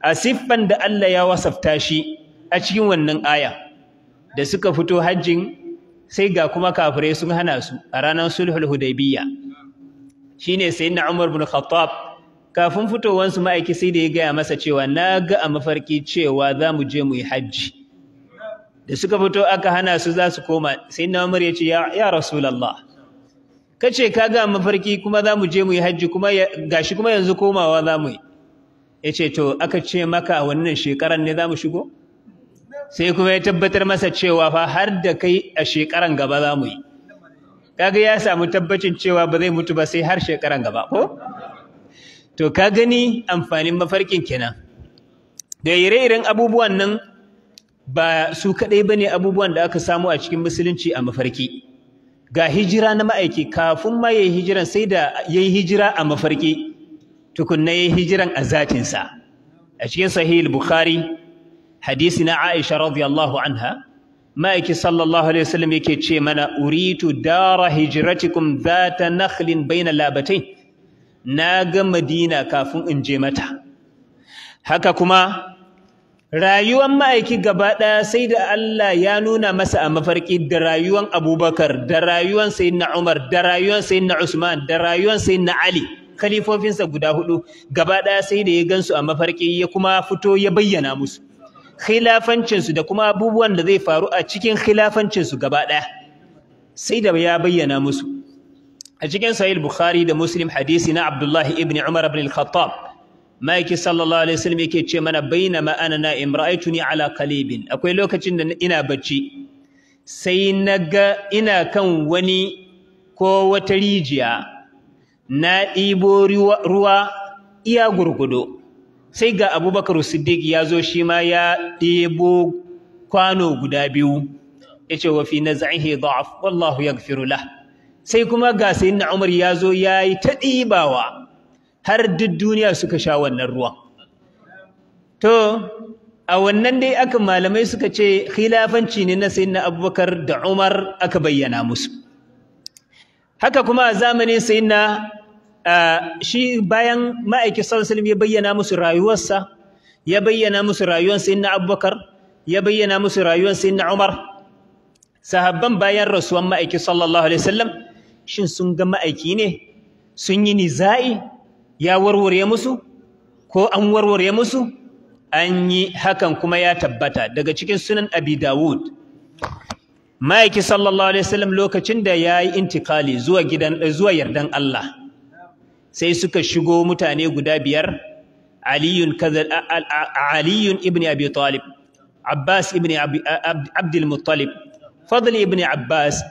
a siffan da Allah ya wasafta shi a cikin wannan aya da suka fito hajjin sai ga kuma kafirai sun hana su a ranar sulhul hudaybiya sai na Umar bin Khattab kafin fitowansu ma'aiki sai da ya gaya masa cewa na ga a mafarki cewa za mu je mu yi hajji da suka fito aka hana su za su koma sai na Umar ya ce ya rasulallah kace ka ga mafarki kuma za mu je mu yi hajji kuma gashi kuma yanzu komawa za mu yi yace to aka ce maka wannan shekaran ne za mu shigo sai kuma ya tabbatar masa cewa fa har da kai a shekaran gaba za mu yi kaga ya samu tabbacin cewa ba zai mutu ba sai har shekaran gaba ko to ka gani amfanin mafarkin kenan da ire-iren abubuwan nan ba su kadai ba ne abubuwan da aka samu a cikin musulunci a mafarki ga hijira na ma'aiki kafin ma yayi hijiran sai da yayi hijira a mafarki tukunna yayi hijiran a zatin sa a cikin sahih bukhari hadisi na Aisha radiyallahu anha ma'aiki sallallahu alaihi wasallam yake ce mana uritu dara hijratikum zata nakhlin baina labatain na ga madina kafin in je mata haka kuma rayuwar ma'aiki gaba ɗaya sai da Allah ya nuna masa a mafarki da rayuwar Abubakar da rayuwar na Umar da rayuwar na Usman da rayuwar na Ali kalifofinsa guda hudu gaba ɗaya sai da ya gansu a mafarki ya kuma fito ya bayyana musu khilafancinsu da kuma abubuwan da zai faru a cikin khilafancinsu gaba ɗaya sai da ya bayyana musu a cikin sahih Bukhari da Muslim hadisi na Abdullahi ibn Umar ibn al-Khattab maiki sallallahu alaihi wasallam yake ce mana baina ma ana na'im ra'aytuni ala qalibin akwai lokacin da ina bacci sai naga ina kan wani ko wata rijiya na ibo ruwa iya gurgudo sai ga abubakar siddiq ya zo shi ma ya ɗebo kwano guda biyu ya ce wa fi naz'ihi da'af wallahu yaghfiru lah sai kuma ga sayyidina umar ya zo ya yi ta ɗibawa har duk duniya suka sha wannan ruwan to a wannan dai aka malamai suka ce khilafanci ne na sayyidina abubakar da umar aka bayyana musu haka kuma a zamanin sayyidina shi bayan ma'aiki sallallahu ya bayyana musu rayuwarsa ya bayyana musu rayuwar sayyidina abubakar ya bayyana musu rayuwar sayyidina umar sahabban bayan rasuwan ma'aiki sallallahu alaihi wasallam shin sun ga ma'aiki ne sun yi niza'i ya warware musu ko an warware musu an yi hakan kuma ya tabbata daga cikin sunan abi dawud ma'aiki sallallahu alaihi wasallam lokacin da ya yi intikali zuwa gidan zuwa yardan Allah sai suka shigo mutane guda biyar aliyun kaza aliyun ibn abi talib abbas ibn abdul muttalib fadl ibn abbas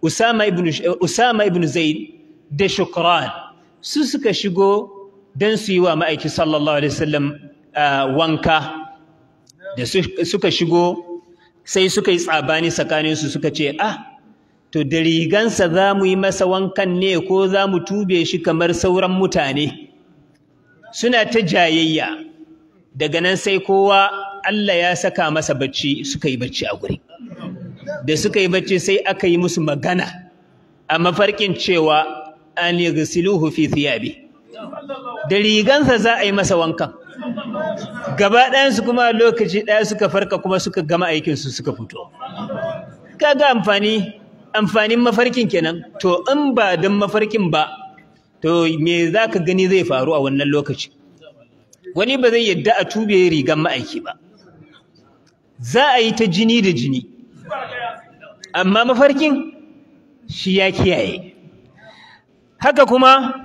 usama ibn usama ibn zaid da shukran su suka shigo don su yi wa ma'aiki sallallahu alaihi wasallam wanka da suka shigo sai suka yi tsabani tsakaninsu suka ce ah to da rigansa za mu yi masa wankan ne ko za mu tube shi kamar sauran mutane suna ta jayayya daga nan sai kowa Allah ya saka masa bacci suka yi bacci a guri da suka yi bacci sai aka yi musu magana a mafarkin cewa an yaghsiluhu fi thiyabi da rigansa za a yi masa wankan gaba ɗayansu kuma lokaci ɗaya suka farka kuma suka gama aikinsu suka fito kaga amfani amfanin mafarkin kenan to in ba don mafarkin ba to me za ka gani zai faru a wannan lokaci wani ba zai yadda a tube rigan ma'aiki ba za a yi ta jini da jini amma mafarkin shi ya kiyaye haka kuma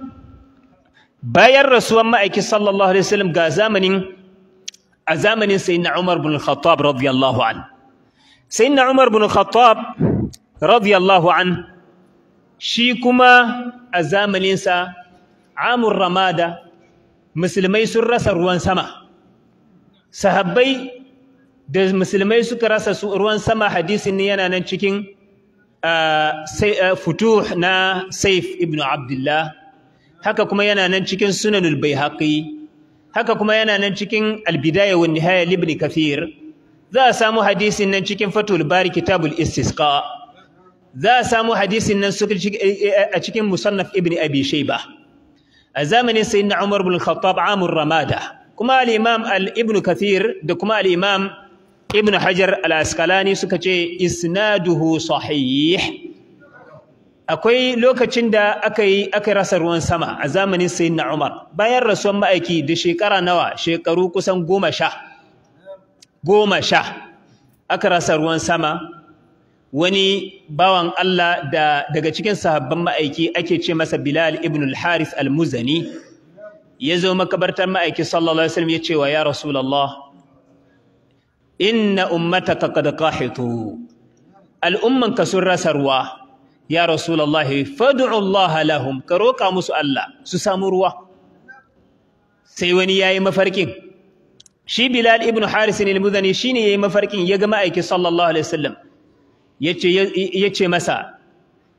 bayan rasuwan ma'aiki sallallahu alaihi wasallam ga zamanin a zamanin sayyidina Umar bin Khattab radiyallahu an sayyidina Umar bin Khattab radiyallahu an shi kuma a sa amur ramada musulmai sun rasa ruwan sama sahabbai da musulmai suka rasa ruwan sama hadisin ne yana nan cikin futuh na saif ibn abdullah haka kuma yana nan cikin sunanul baihaqi haka kuma yana nan cikin albidaya wa nihaya ibn kathir za a samu hadisin nan cikin fatul bari kitabul istisqa za a samu hadisin nan a cikin musannaf ibn abi shayba a zamanin sayyidina umar ibn khattab amur ramada kuma al-imam al-ibn kathir da kuma al-imam ibn hajar al askalani suka ce isnaduhu sahih akwai lokacin da aka yi aka rasa ruwan sama a zamanin sayyidina umar bayan rasuwan ma'aiki da shekara nawa shekaru kusan goma sha goma sha aka rasa ruwan sama wani bawan Allah da daga cikin sahabban ma'aiki ake ce masa Bilal ibn al-Harith al-Muzani ya zo makabartar ma'aiki sallallahu alaihi wasallam ya ce wa ya Rasulullah inna ummataka qad qahitu al'umman ka sun rasa ruwa ya rasulullah fad'u Allah lahum ka roka musu Allah su samu ruwa sai wani yayi mafarkin shi Bilal ibn Haris al-Mudhani shine yayi mafarkin ya ga ma'aiki sallallahu alaihi wasallam yace yace masa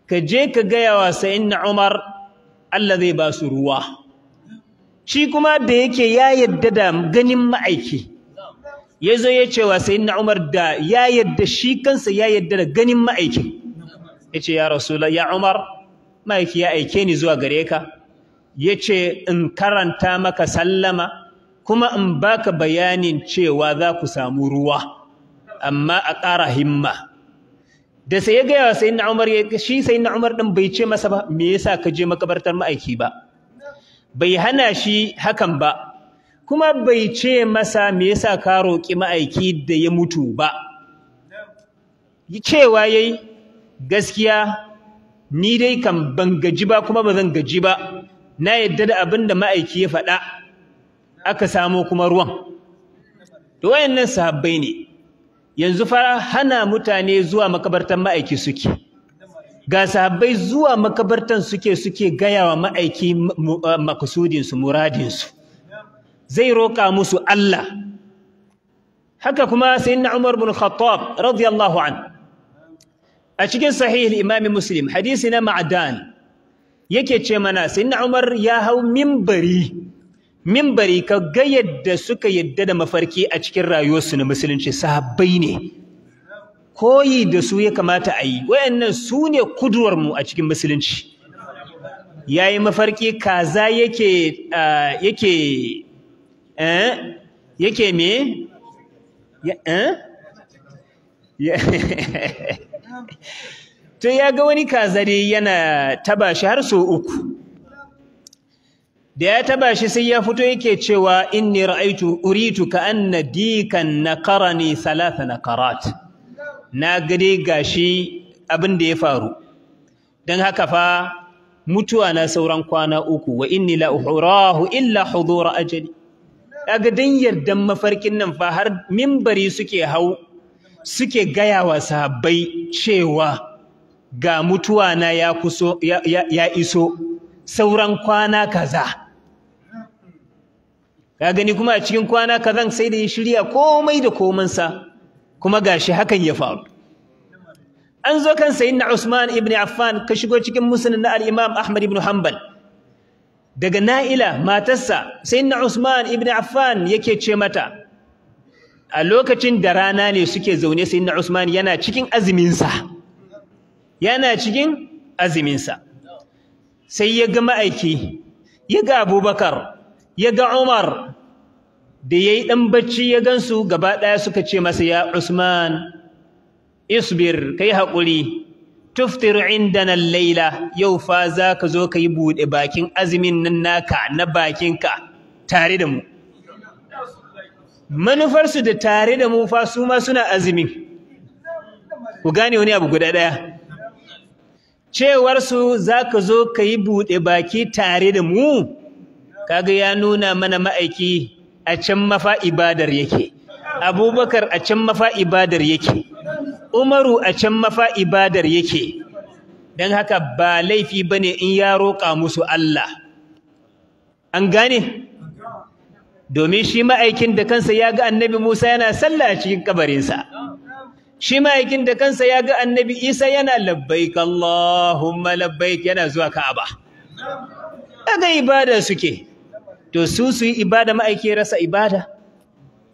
ka je ka gaya wa inna Umar Allah zai ba su ruwa shi kuma da yake ya yadda da ganin ma'aiki ya zo ya cewa sayyidina Umar da ya yadda shi kansa ya yadda da ganin ma'aiki ya ce ya rasula ya Umar ma'aiki ya aike ni zuwa gare ka ya ce in karanta maka sallama kuma in baka bayanin cewa za ku samu ruwa amma a ƙara himma da sai ya gaya wa sayyidina Umar shi sayyidina Umar ɗin bai ce masa ba me yasa ka je makabartar ma'aiki ba bai hana shi hakan ba kuma bai ce masa me yasa ka roƙi ma'aiki da ya mutu ba cewa yayi gaskiya ni dai kan ban gaji ba kuma ba zan gaji ba na yadda da abin da ma'aiki ya faɗa aka samo kuma ruwan to wayannan sahabbai ne yanzu fa hana mutane zuwa makabartan ma'aiki suke ga sahabbai zuwa makabartan suke suke gaya wa ma'aiki makasudinsu muradinsu zai roƙa musu Allah haka kuma sayyidina Umar bin Khattab radiyallahu an a cikin sahihin imami Muslim hadisi na ma'adan yake ce mana sayyidina Umar ya hau mimbari mimbari ka ga yadda suka yadda da mafarki a cikin rayuwarsu na musulunci sahabbai ne koyi da su ya kamata a yi wayannan su ne kudurarmu a cikin musulunci yayi mafarki kaza yake ah, yake yake me [LAUGHS] to ya ga wani kazare yana taba shi har so uku da ya taba shi sai ya fito yake cewa inni ra'aitu uritu ka anna dikan naqarani thalatha naqarat na gade gashi abin da ya faru Don haka fa mutuwa na sauran kwana uku wa inni la uhurahu illa hudura ajali kaga dan yardan mafarkin nan fa har mimbari suke hau suke gaya wa sahabbai cewa ga mutuwa na ya kuso ya, iso sauran kwana kaza ka gani kuma a cikin kwana kazan sai da ya shirya komai da komansa kuma gashi hakan ya faru an zo kan sayyidina Usman ibn Affan ka shigo cikin musnad na al-Imam Ahmad ibn Hanbal daga na'ila matarsa sai na usman ibn affan yake ce mata a lokacin da rana ne suke zaune sai na usman yana cikin aziminsa yana cikin aziminsa sai ya ga ma'aiki ya ga abubakar ya ga umar da ya yi ɗan bacci ya gansu gaba ɗaya suka ce masa ya usman isbir ka yi haƙuri tuftir indana laila yau fa za ka zo ka yi buɗe bakin azumin nan naka na bakinka tare da mu manufarsu da tare da mu fa su ma suna azumin ku gane wani abu guda ɗaya cewarsu za ka zo ka yi buɗe baki tare da mu kaga ya nuna mana ma'aiki a can mafa ibadar yake abubakar a can mafa ibadar yake umaru a can mafa ibadar yake don haka ba laifi ba ne in ya roƙa musu Allah an gane domin shi ma'aikin da kansa ya ga annabi musa yana sallah a cikin kabarinsa shi ma'aikin da kansa ya ga annabi isa yana labbaik allahumma labbaik yana zuwa ka'aba daga ibada suke to su su yi ibada ma'aiki rasa ibada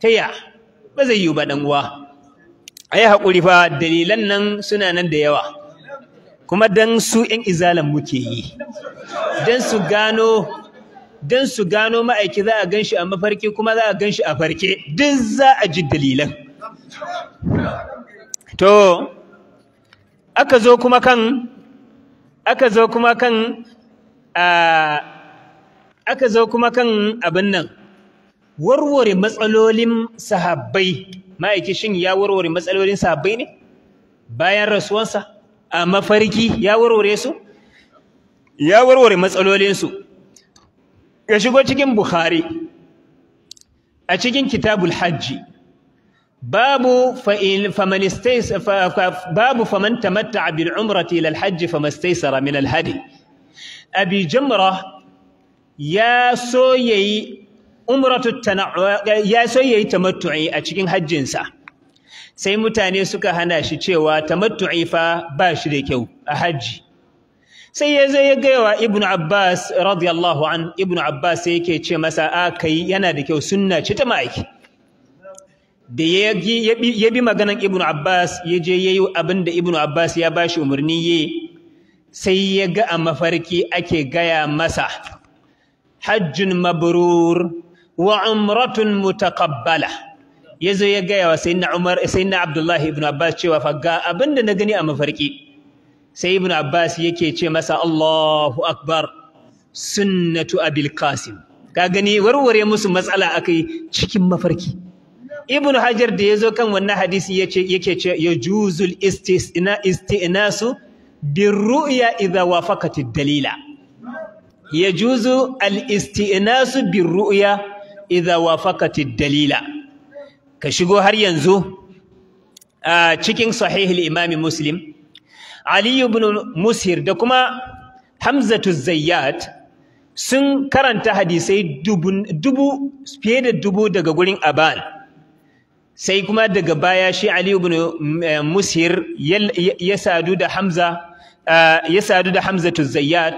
ta ya ba zai yi ba ɗan uwa a yi haƙuri fa dalilan nan suna nan da yawa kuma don su ‘yan izalan muke yi dan su gano ma'aiki za a gan shi a mafarki kuma za a gan shi a farke duk za a ji dalilan to aka zo kuma kan aka zo kuma kan aka zo kuma kan abin nan warware matsalolin sahabbai ma'aiki shin ya warware matsalolin sahabbai ne bayan rasuwansa a mafarki ya warware su ya warware matsalolinsu ya shigo cikin bukhari a cikin kitabul hajji babu babu faman tamatta bil umrati min alhadi abi jamra ya so yayi umratu ya so yayi tamattu'i a cikin hajjinsa sai mutane suka hana shi cewa tamattu'i fa ba shi da kyau a hajji sai ya zo ya gaya wa ibnu abbas radiyallahu an ibnu abbas sai yake ce masa a kai yana da kyau sunna ci ta da ya bi maganan ibnu abbas ya je ya yi abin da ibnu abbas ya ba shi umarni ya sai ya ga a mafarki ake gaya masa hajjun mabrur wa umratun ya zo ya gaya wa sayyidina Umar sayyidina Abdullah ibn Abbas cewa fa ga abinda na gani a mafarki sai ibn Abbas yake ce masa Allahu akbar sunnatu abil qasim ka gani warware musu matsala akai cikin mafarki ibn Hajar da yazo kan wannan hadisi yace yake ce yajuzul istisna istinasu birru'ya idha wafaqatid dalila yajuzu al istinasu birru'ya idza wafakati dalila ka shigo har yanzu a cikin sahih al muslim ali ibn musir da kuma hamzatu zayyat sun karanta hadisai dubu fiye da dubu daga gurin aban sai kuma daga baya shi ali ibn eh, musir ya sadu da hamza eh, ya sadu da hamzatu zayyat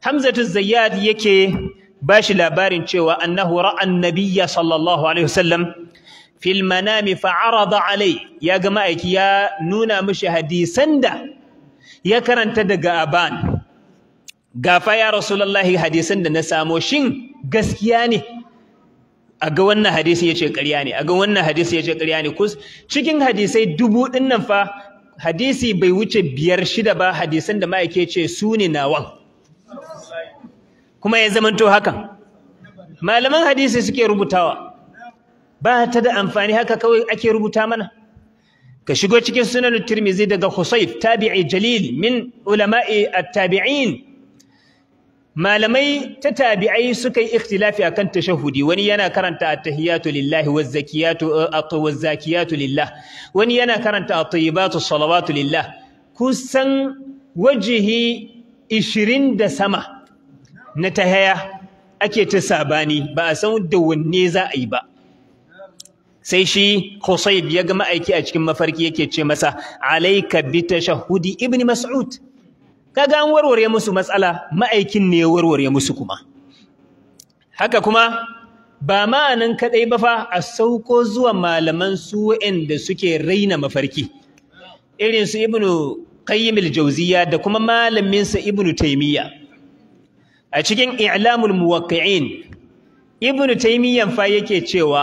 hamzatu zayyat yake bashi labarin cewa annahu ra'an annabiyya sallallahu alaihi wasallam fil manami fa'arada alai ya ga ma'aiki ya nuna mishi hadisan da ya karanta daga aban gafa ya rasulullahi hadisan da na samo shin gaskiya ne a ga wannan hadisi yace ƙarya ne a ga wannan hadisi yace ƙarya ne kus cikin hadisai dubu din nan fa hadisi bai wuce biyar shida ba hadisan da ma'aiki ce su ne nawan kuma ya zamanto hakan malaman hadisi suke rubutawa ba ta da amfani haka kawai ake rubuta mana ka shigo cikin sunan tirmizi daga husayf tabi'i jalil min ulama'i at-tabi'in malamai ta tabi'ai suka yi ikhtilafi akan tashahudi wani yana karanta at-tahiyatu lillahi waz-zakiyatu uh, zakiyatu lillah wani yana karanta at-tayyibatu salawatu lillah kusan wajihi 20 da sama na ta haya ake ta sabani ba a san da wanne za a yi ba sai shi Khusayb ya ga ma'aiki a cikin mafarki yake ce masa alayka bi tashahudi ibn mas'ud kaga an warware musu matsala ma'aikin ne ya warware musu kuma haka kuma ba ma'anan kadai ba fa a sauko zuwa malaman su waɗanda suke raina mafarki irin su ibnu qayyim al-jawziya da kuma malamin sa ibnu taymiya a cikin i'lamul muwaqqi'in ibn taymiyyah fa yake cewa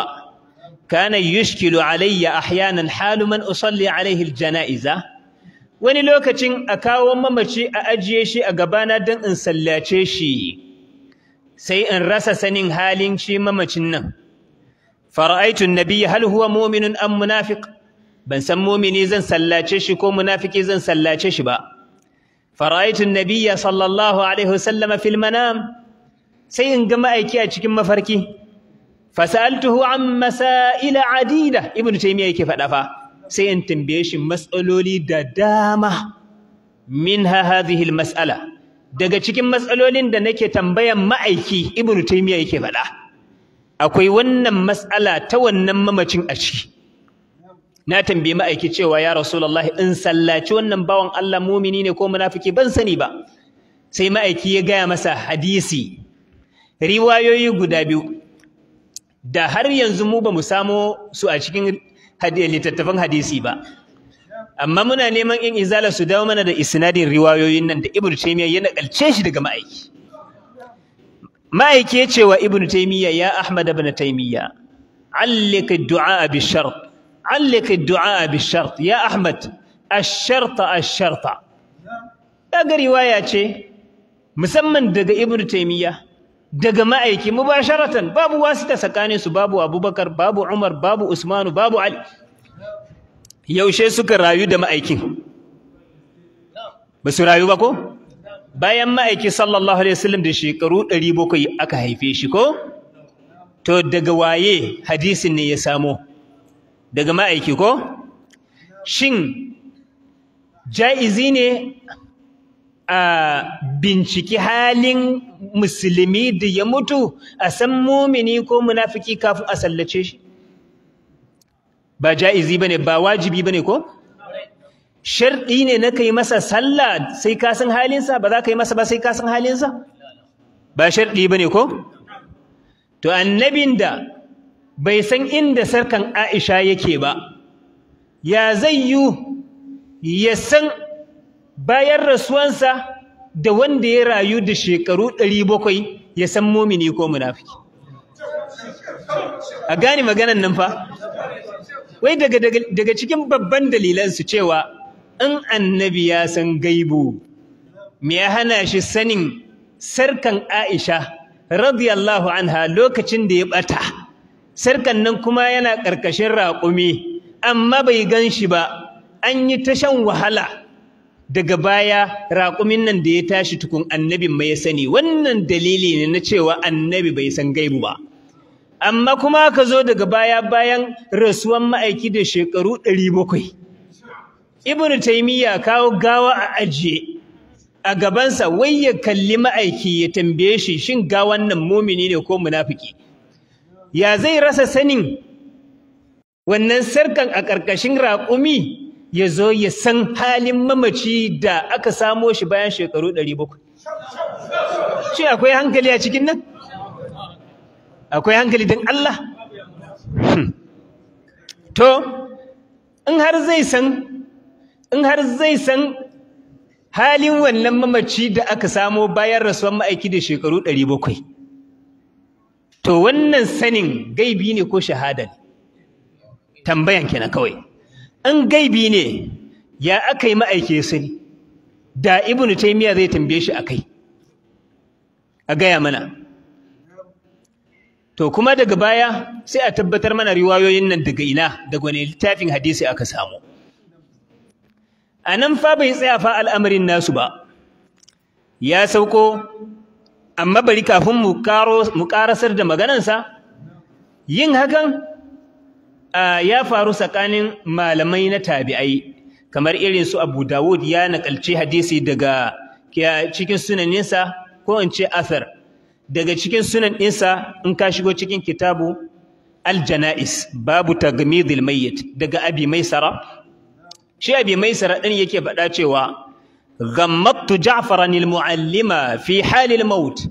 kana yushkilu alayya ahyanan halu man usalli alayhi aljana'iza wani lokacin a kawo mamaci a ajiye shi a gabana don in sallace shi sai in rasa sanin halin shi mamacin nan fara'aitun nabiyyi hal huwa mu'minun am munafiq ban san mu'mini zan sallace shi ko munafiki zan sallace shi ba fara'aitun nabiyya sallallahu alaihi wasallama fil manam sai in ga ma'aiki a cikin mafarki fasaltuhu an masaila adida ibnu taymiya yake faɗa fa sai in tambaye shi matsaloli da dama minha hadhihi al mas'ala daga cikin matsalolin da nake tambayan ma'aiki ibnu taymiya yake faɗa akwai wannan mas'ala ta wannan mamacin a ciki na tambayi ma'aiki cewa ya rasulullahi in sallaci wannan bawan Allah mumini ne ko munafiki ban sani ba sai ma'aiki ya gaya masa hadisi riwayoyi guda biyu da har yanzu mu ba mu samo su a cikin littattafan hadisi ba amma muna neman in izala su dawo mana da isnadin riwayoyin nan da ibnu taymiya ya nakalce shi daga ma'aiki ma'aiki ya ce wa ibnu taymiya ya ahmad ibn taymiya allika du'a bi shart علق الدعاء بالشرط يا أحمد الشرط الشرط daga riwaya ce musamman daga ibnu taymiya daga ma'aiki mubasharatan babu wasita tsakanin su babu abubakar babu umar babu usmanu babu ali yaushe suka rayu da ma'aikin ba su rayu ba ko bayan ma'aiki sallallahu alaihi wasallam da shekaru 700 aka haife shi ko to daga waye hadisin ne ya samo daga ma'aiki ko shin jaizi ne a binciki halin musulmi da ya mutu a san mumini ko munafiki kafin a sallace shi ba jaizi bane ba wajibi bane ko sharɗi ne na kai masa sallah sai ka san halinsa ba za ka yi masa ba sai ka san halinsa ba sharɗi bane ko to annabin da bai san inda sarkan Aisha yake ba ya zai yi ya san bayan rasuwansa da wanda ya rayu da shekaru 700 ya san mumini ko munafiki a gane maganan nan fa wai daga cikin babban dalilan su cewa in annabi ya san gaibu me ya hana shi sanin sarkan Aisha radiyallahu anha lokacin da ya ɓata? sarkan nan kuma yana ƙarƙashin raƙumi amma bai gan shi ba an yi ta shan wahala daga baya raƙumin nan da ya tashi tukun annabi mai sani wannan dalili ne na cewa annabi bai san gaibu ba amma kuma ka zo daga baya bayan rasuwan ma'aiki da shekaru ɗari bakwai ibnu taimiyya kawo gawa a ajiye a gabansa wai ya kalli ma'aiki ya tambaye shi shin gawan nan mumini ne ko munafiki ya zai rasa sanin wannan sarkan a ƙarƙashin raƙumi ya zo ya san halin mamaci da aka samo shi bayan shekaru 700 shi akwai hankali a cikin nan akwai hankali don Allah hmm. to in har zai san in har zai san halin wannan mamaci da aka samo bayan rasuwar ma'aiki da shekaru 700 to wannan sanin gaibi ne ko shahada ne tambayan kenan kawai in gaibi ne ya aka yi ma'aike sani da ibnu taymiya zai tambaye shi a kai. a gaya mana to kuma daga baya sai a tabbatar mana riwayoyin nan daga ina daga wani littafin hadisi aka samu a nan fa bai tsaya fa al'amarin nasu ba ya sauko amma bari kafin mu karasar da maganansa yin hakan ya faru tsakanin malamai na tabi'ai kamar irin su abu dawud ya nakalci hadisi daga cikin sunaninsa ko in ce athar daga cikin sunan ɗinsa in ka shigo cikin kitabu aljana'is babu tagmidil mayyit daga abi maisara shi abi maisara ɗin yake faɗa cewa غمضت جعفرا المعلم في حال الموت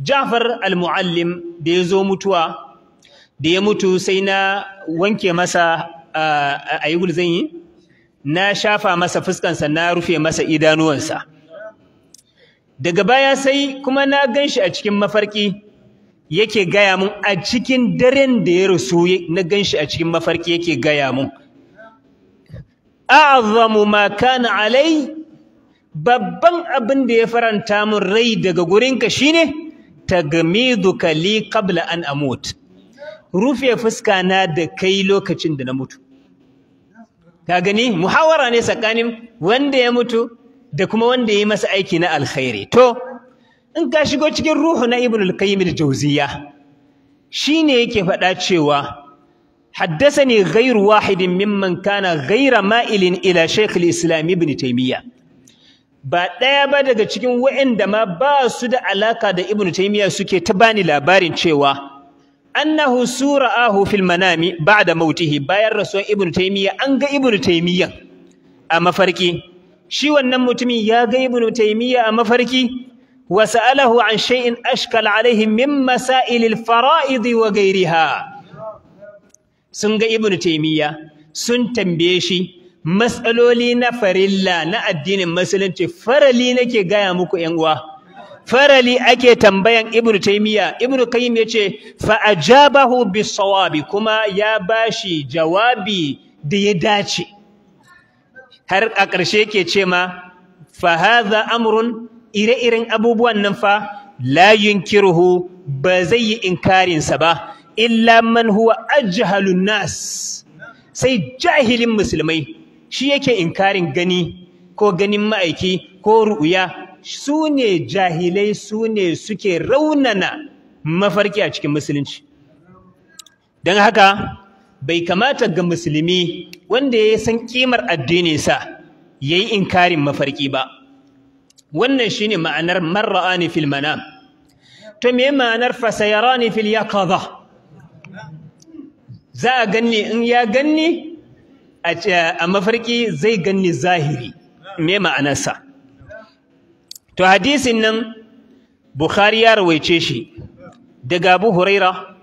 جعفر المعلم da ya zo mutuwa da ya mutu sai na wanke masa a yi na shafa masa fuskansa na rufe masa idanuwansa daga baya sai kuma na ganshi a cikin mafarki yake gaya mun a cikin daren da ya rasu na ganshi a cikin mafarki yake gaya mun a'zamu ma kana alai babban abin da ya faranta min rai daga gurinka shine tagmiduka li qabla an amut rufe fuska na da kai lokacin da na mutu ka gani muhawara ne tsakanin wanda ya mutu da kuma wanda ya yi masa aiki na alkhairi to in ka shigo cikin ruhu na ibn al-qayyim al-jawziya shine yake faɗa cewa haddasa ghayru wahidin mimman kana gaira ma'ilin ila shaykh al-islam ibn ba ɗaya ba daga cikin wa'inda ma ba su da alaka da ibnu taymiya suke ta bani labarin cewa annahu ahu fil manami da mautihi bayan rasuwar ibnu taymiya an ga ibnu taimiyan a mafarki shi wannan mutumin ya ga ibnu taymiya a mafarki wa sa'alahu an shay'in ashkal alaihi min masailil fara'id wa ghayriha sun ga ibnu taimiyya sun tambaye shi matsaloli na farilla na addinin musulunci farali nake gaya muku ƴan uwa farali ake tambayan ibnu taymiya ibnu qayyim yace fa ajabahu bisawabi kuma ya bashi jawabi da ya dace har a ƙarshe yake ce ma fa hadha amrun ire-iren abubuwan nan fa la yunkiruhu ba zai yi inkarin sa ba illa man huwa ajhalun nas sai jahilin musulmai shi yake inkarin gani ko ganin ma'aiki ko ru'uya su ne jahilai su ne suke raunana mafarki a cikin musulunci don haka bai kamata ga musulmi wanda ya san kimar addininsa ya yi inkarin mafarki ba wannan shi ne ma'anar marra'ani fil to me ma'anar fasayarani fil ya kaza za a ganni in ya ganni a mafarki zai ganni zahiri me ma'anarsa to hadisin nan bukhari ya rawaice shi daga abu huraira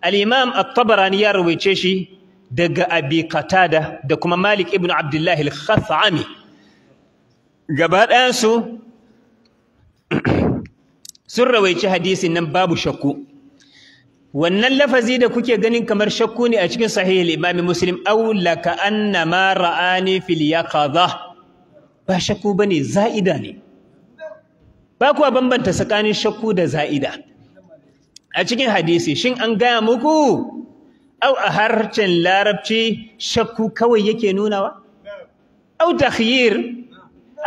al-imam at-tabarani ya rawaice shi daga abi qatada da kuma malik ibn abdullah al-khasami gaba ɗayansu [CLEARS THROAT] sun rawaice hadisin nan babu shakku wannan lafazi da kuke ganin kamar shakku ne a cikin sahihul imam muslim aw laka anna ma ra'ani fil yaqadha ba shakku bane za'ida ne ba kuwa bambanta tsakanin shakku da za'ida a cikin hadisi shin an gaya muku aw a harcen larabci shakku kawai yake nunawa aw takhyir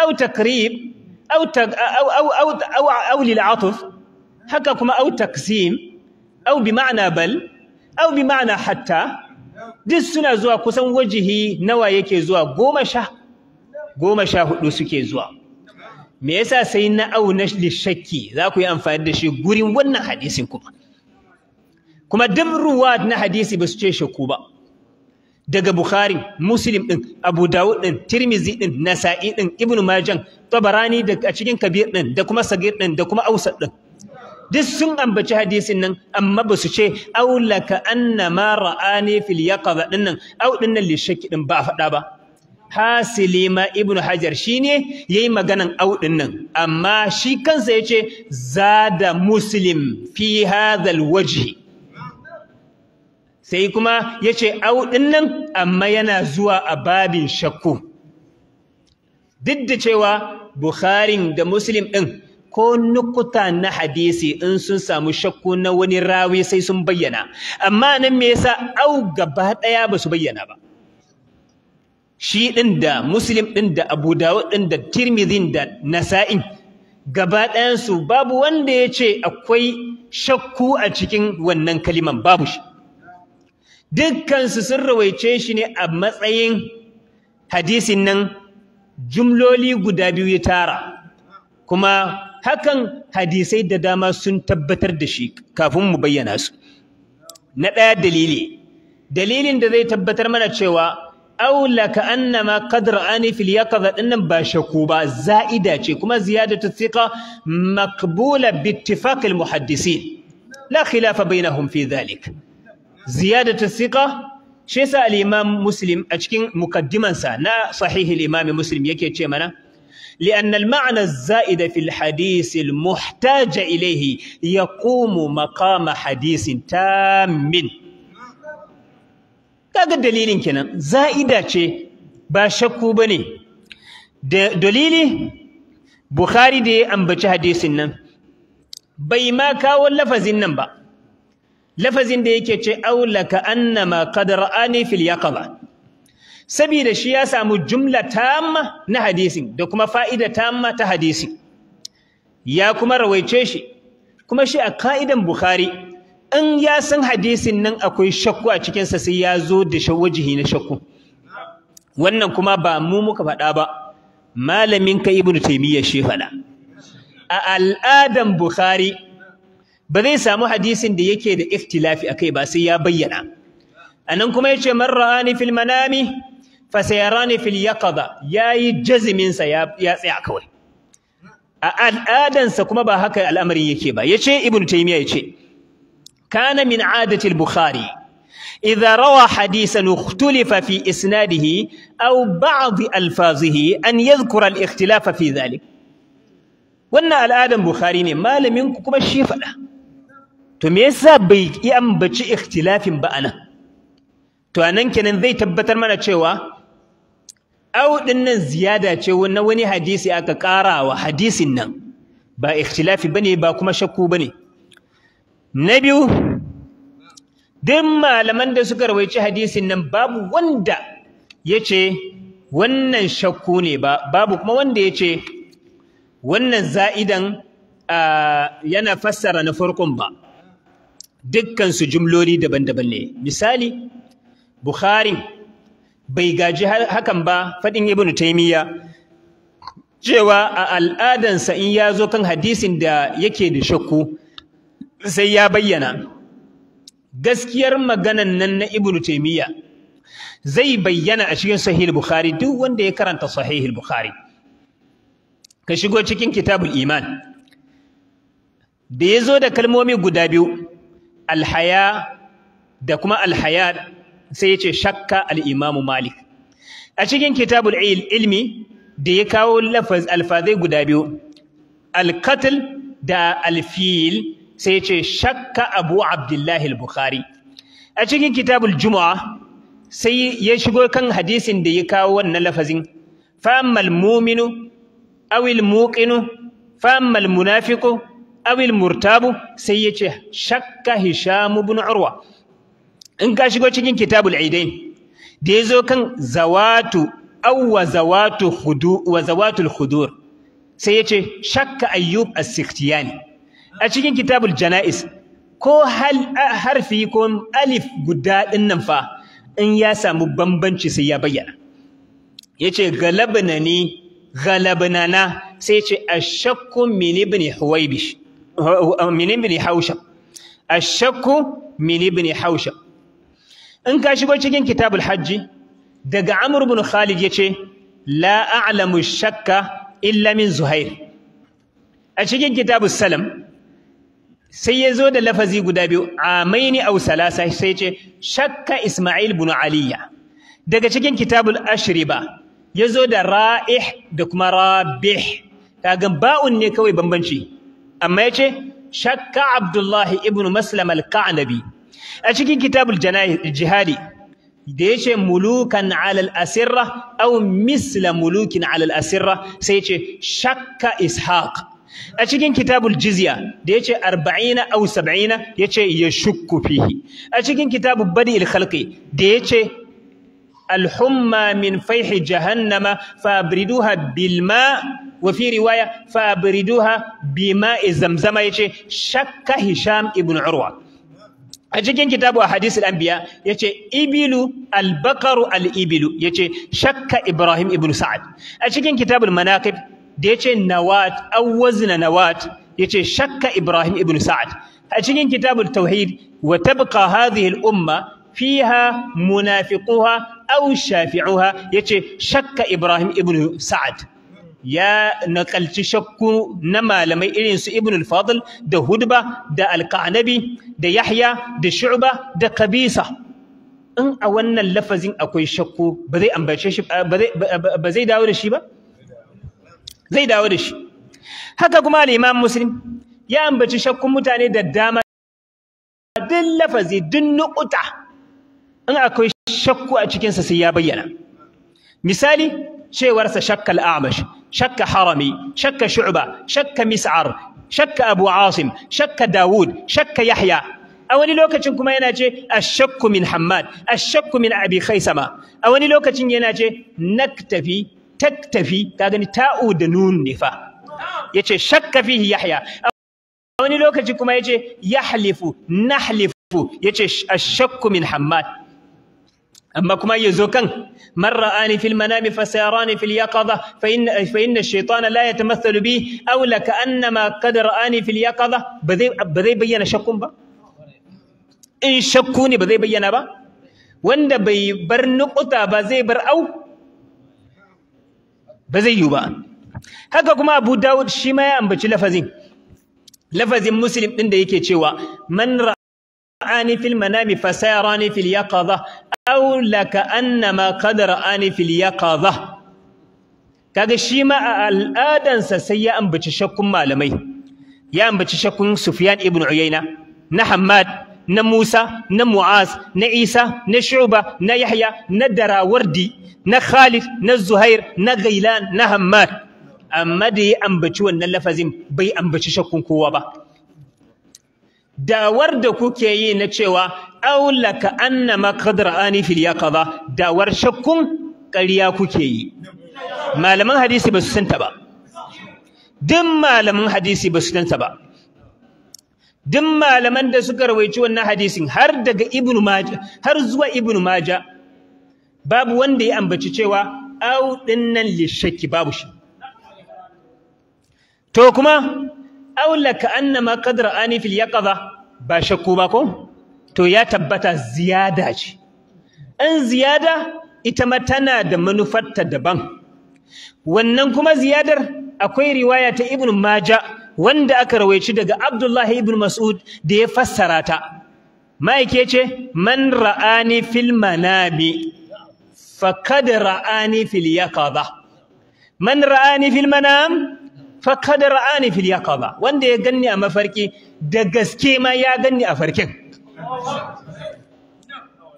aw takrib aw aw aw aw haka kuma aw taqsim au bi ma'ana bal au bi ma'ana hatta duk suna zuwa kusan wajihi nawa yake zuwa goma sha hudu suke zuwa me yasa sai na au na shakki za ku yi amfani da shi gurin wannan hadisin kuma kuma duk ruwat na hadisi ba su ce shakku ba daga bukhari muslim din abu dawud din tirmizi din nasa'i din ibnu majan tabarani da cikin kabir din da kuma sagir din da kuma ausad din duk sun ambaci hadisin nan amma ba su ce aulaka anna ma ra'ani fil yaqaba dinnan au dinnan li shakki din ba faɗa ba hasili ma ibnu hajar shine yayi maganan au dinnan amma shi kansa yace zada muslim fi hadha alwajh sai kuma yace au dinnan amma yana zuwa a babin shakku duk da cewa Bukharin da Muslim ɗin ko nukuta na hadisi in sun samu shakku na wani rawi sai sun bayyana amma nan me yasa au gaba daya ba su bayyana ba shi din da muslim din da abu dawud din da tirmidhin da nasa'in gaba dayan su babu wanda ya ce akwai shakku a cikin wannan kaliman babu shi dukkansu sun rawaice shi ne a matsayin hadisin nan jumloli guda biyu ya tara kuma hakan hadisai da dama sun tabbatar da shi kafin mu bayyana su na ɗaya dalili dalilin da zai tabbatar mana cewa aula ka annama qadra ani fil yaqza dinnan ba shaku ba za'ida ce kuma ziyadatu thiqa maqbula bi ittifaq al muhaddisin la khilafa bainahum fi dhalik ta thiqa shi yasa al imam muslim a cikin mukaddimansa na sahih al imam muslim yake ce mana لأن المعنى الزائد في الحديث المحتاج إليه يقوم مقام حديث تام kaga dalilin kenan za'ida ce ba shakku bane dalili bukhari da ya ambaci hadisin nan bai ma kawo lafazin nan ba lafazin da yake ce aulaka annama qad ra'ani fil yaqaba saboda shi ya samu jumla tamma na hadisin da kuma fa'ida tamma ta hadisin ya kuma rawaice shi kuma shi a ka'idan bukhari in ya san hadisin nan akwai shakku a cikinsa sai ya zo da shawajihi na shakku wannan kuma ba mu muka faɗa ba malamin ka ibnu taymiya shi faɗa a al'adan bukhari ba zai samu hadisin da yake da a kai ba sai ya bayyana anan kuma yace man ra'ani fil manami فسيراني في اليقظة ياي جزي منسا يا يا سيعكوي آدم سكما بهك الأمر يكيبا يشي ابن تيمية يشي كان من عادة البخاري إذا روى حديثا اختلف في إسناده أو بعض ألفاظه أن يذكر الاختلاف في ذلك وأن آدم بخاري ما لم ينككم الشيفة تميسا بيك إيام بچي اختلاف بأنا تو أنك ذي تبتر من أتشيوه au ɗin nan ziyada ce na wani hadisi aka ƙara wa hadisin nan ba ikhtilafi bane ba kuma shakku bane na biyu duk malaman da suka rawaici hadisin nan babu wanda ya ce wannan shakku ne ba babu kuma wanda ya ce wannan za'idan yana fassara na farkon ba Dukkansu jumloli daban-daban ne misali bukhari bai gaji hakan ba faɗin ibnu taymiya cewa a al'adansa in ya zo kan hadisin da yake da shakku sai ya bayyana gaskiyar maganan nan na ibnu taymiya zai bayyana a cikin sahih bukhari duk wanda ya karanta sahih bukhari ka shigo cikin kitabul iman da ya zo da kalmomi guda biyu alhaya da kuma alhaya sai ya ce shakka al-imamu malik a cikin kitabul ilmi da ya kawo lafaz alfazai guda biyu alkatil da alfil sai ce shakka abu abdullahi bukhari a cikin kitabul juma'a sai ya shigo kan hadisin da ya kawo wannan lafazin famal muminu awil muqinu famal munafiqu awil murtabu sai ya ce shakka Hishamu bin urwa in ka shigo cikin kitabul aidain da ya zo kan zawatu aw wa zawatu hudu wa zawatul hudur sai yace shakka ayyub as-sikhtiyani a cikin kitabul janais ko hal harfi ko alif guda din nan fa in ya samu bambanci sai ya bayyana yace galabna ni galabnana sai yace ashakku min ibn huwaybish min ibn haushab ashakku min ibn haushab in ka shigo cikin kitabul hajji daga amr ibn khalid yace la a'lamu shakka illa min zuhair a cikin kitabus salam sai ya zo da lafazi guda biyu amaini aw salasa sai yace shakka isma'il ibn aliya daga cikin kitabul ashriba ya zo da ra'ih da kuma rabih kaga ba'un ne kawai bambanci amma yace shakka abdullahi ibn maslam al-ka'nabi a cikin kitabul jihadi da ya ce mulukan alal asirra au misla mulukin alal asirra sai ce shakka ishaq a cikin kitabul jizya da ya ce arba'ina au sab'ina ya ce ya shukku fihi a cikin kitabul badi ilkhalqi da ya ce alhumma min faihi jahannama fabriduha bilma wa fi riwaya fabriduha bima zamzama ya ce shakka hisham ibn urwa a cikin kitabu a hadisul anbiya yace ibilu albaqaru alibilu yace shakka ibrahim ibn sa'ad a cikin kitabul manaqib da yace nawat aw wazna nawat yace shakka ibrahim ibn sa'ad a cikin kitabul tauhid wa tabqa hadhihi al umma fiha munafiquha aw shafi'uha yace shakka ibrahim ibn sa'ad ya nakalci shakku na malamai irin su Ibn al-Fadl da Hudba da Al-Qanabi da Yahya da Shu'ba da Kabisa in a wannan lafazin akwai shakku ba zai ambace shi ba zai dawo da shi ba zai dawo da shi haka kuma al-Imam Muslim ya ambaci shakkun mutane da dama duk lafazi duk nukuta in akwai shakku a cikinsa sai ya bayyana misali cewarsa shakka al'amash shakka harami shakka shucba shakka mis'ar shakka abu shakka dawud shakka yahya a wani lokacin kuma yana ce ashakku min hammad ashakku min abi khaisama a wani lokacin yana ce naktafi taktafi ka gani ta'u da nun ne fa yace shakka fihi yahya a wani lokaci kuma yace yahlifu nahlifu yace ashakku min hammad أما كما يزوكن من رآني في المنام فسيراني في اليقظة فإن, فإن الشيطان لا يتمثل بي أو لكأنما قد رآني في اليقظة بذي, بذي بيّن شكون با إن شكوني بذي بيّن با وند بي بر نقطة بذي بر أو بذي يبا هكا كما أبو داود شما ينبج لفظين لفظين مسلم إن ديكي شوا من رآني في المنام فسيراني في اليقظة aw laka annama qad ra'ani fil yaqadha kaga shi ma a al'adansa sai ya ambaci shakkun malamai ya ambaci shakkun Sufyan ibn Uyayna na Hammad na Musa na Mu'az na Isa na Shu'ba na Yahya na Darawardi na Khalid na Zuhair na Ghailan na Hammad amma da ya ambaci wannan lafazin bai ambaci shakkun kowa ba dawar da kuke yi na cewa Aula ka annama qad ra'ani fil yaqadha dawar shakkun ƙarya kuke yi malaman hadisi ba su santa ba duk malaman hadisi ba su santa ba duk malaman da suka rawaici wannan hadisin har daga ibnu maja har zuwa ibnu maja babu wanda ya ambaci cewa au din nan dinnan lishakki babu shi to kuma aula ka annama qadra ani fil yaqadha ba shakku ba ko to ya tabbata ziyada ce in ziyada ita ma tana da manufarta daban wannan kuma ziyadar akwai riwaya ta Ibn Maja, wanda aka rawaici daga Abdullahi ibn Mas'ud da ya fassara ta maike ce man ra'ani fil manami faqad ra'ani fil yaqadha man ra'ani fil manam faqad ra'ani fil yaqadha wanda ya ganni a mafarki da gaske ma ya ganni a farkin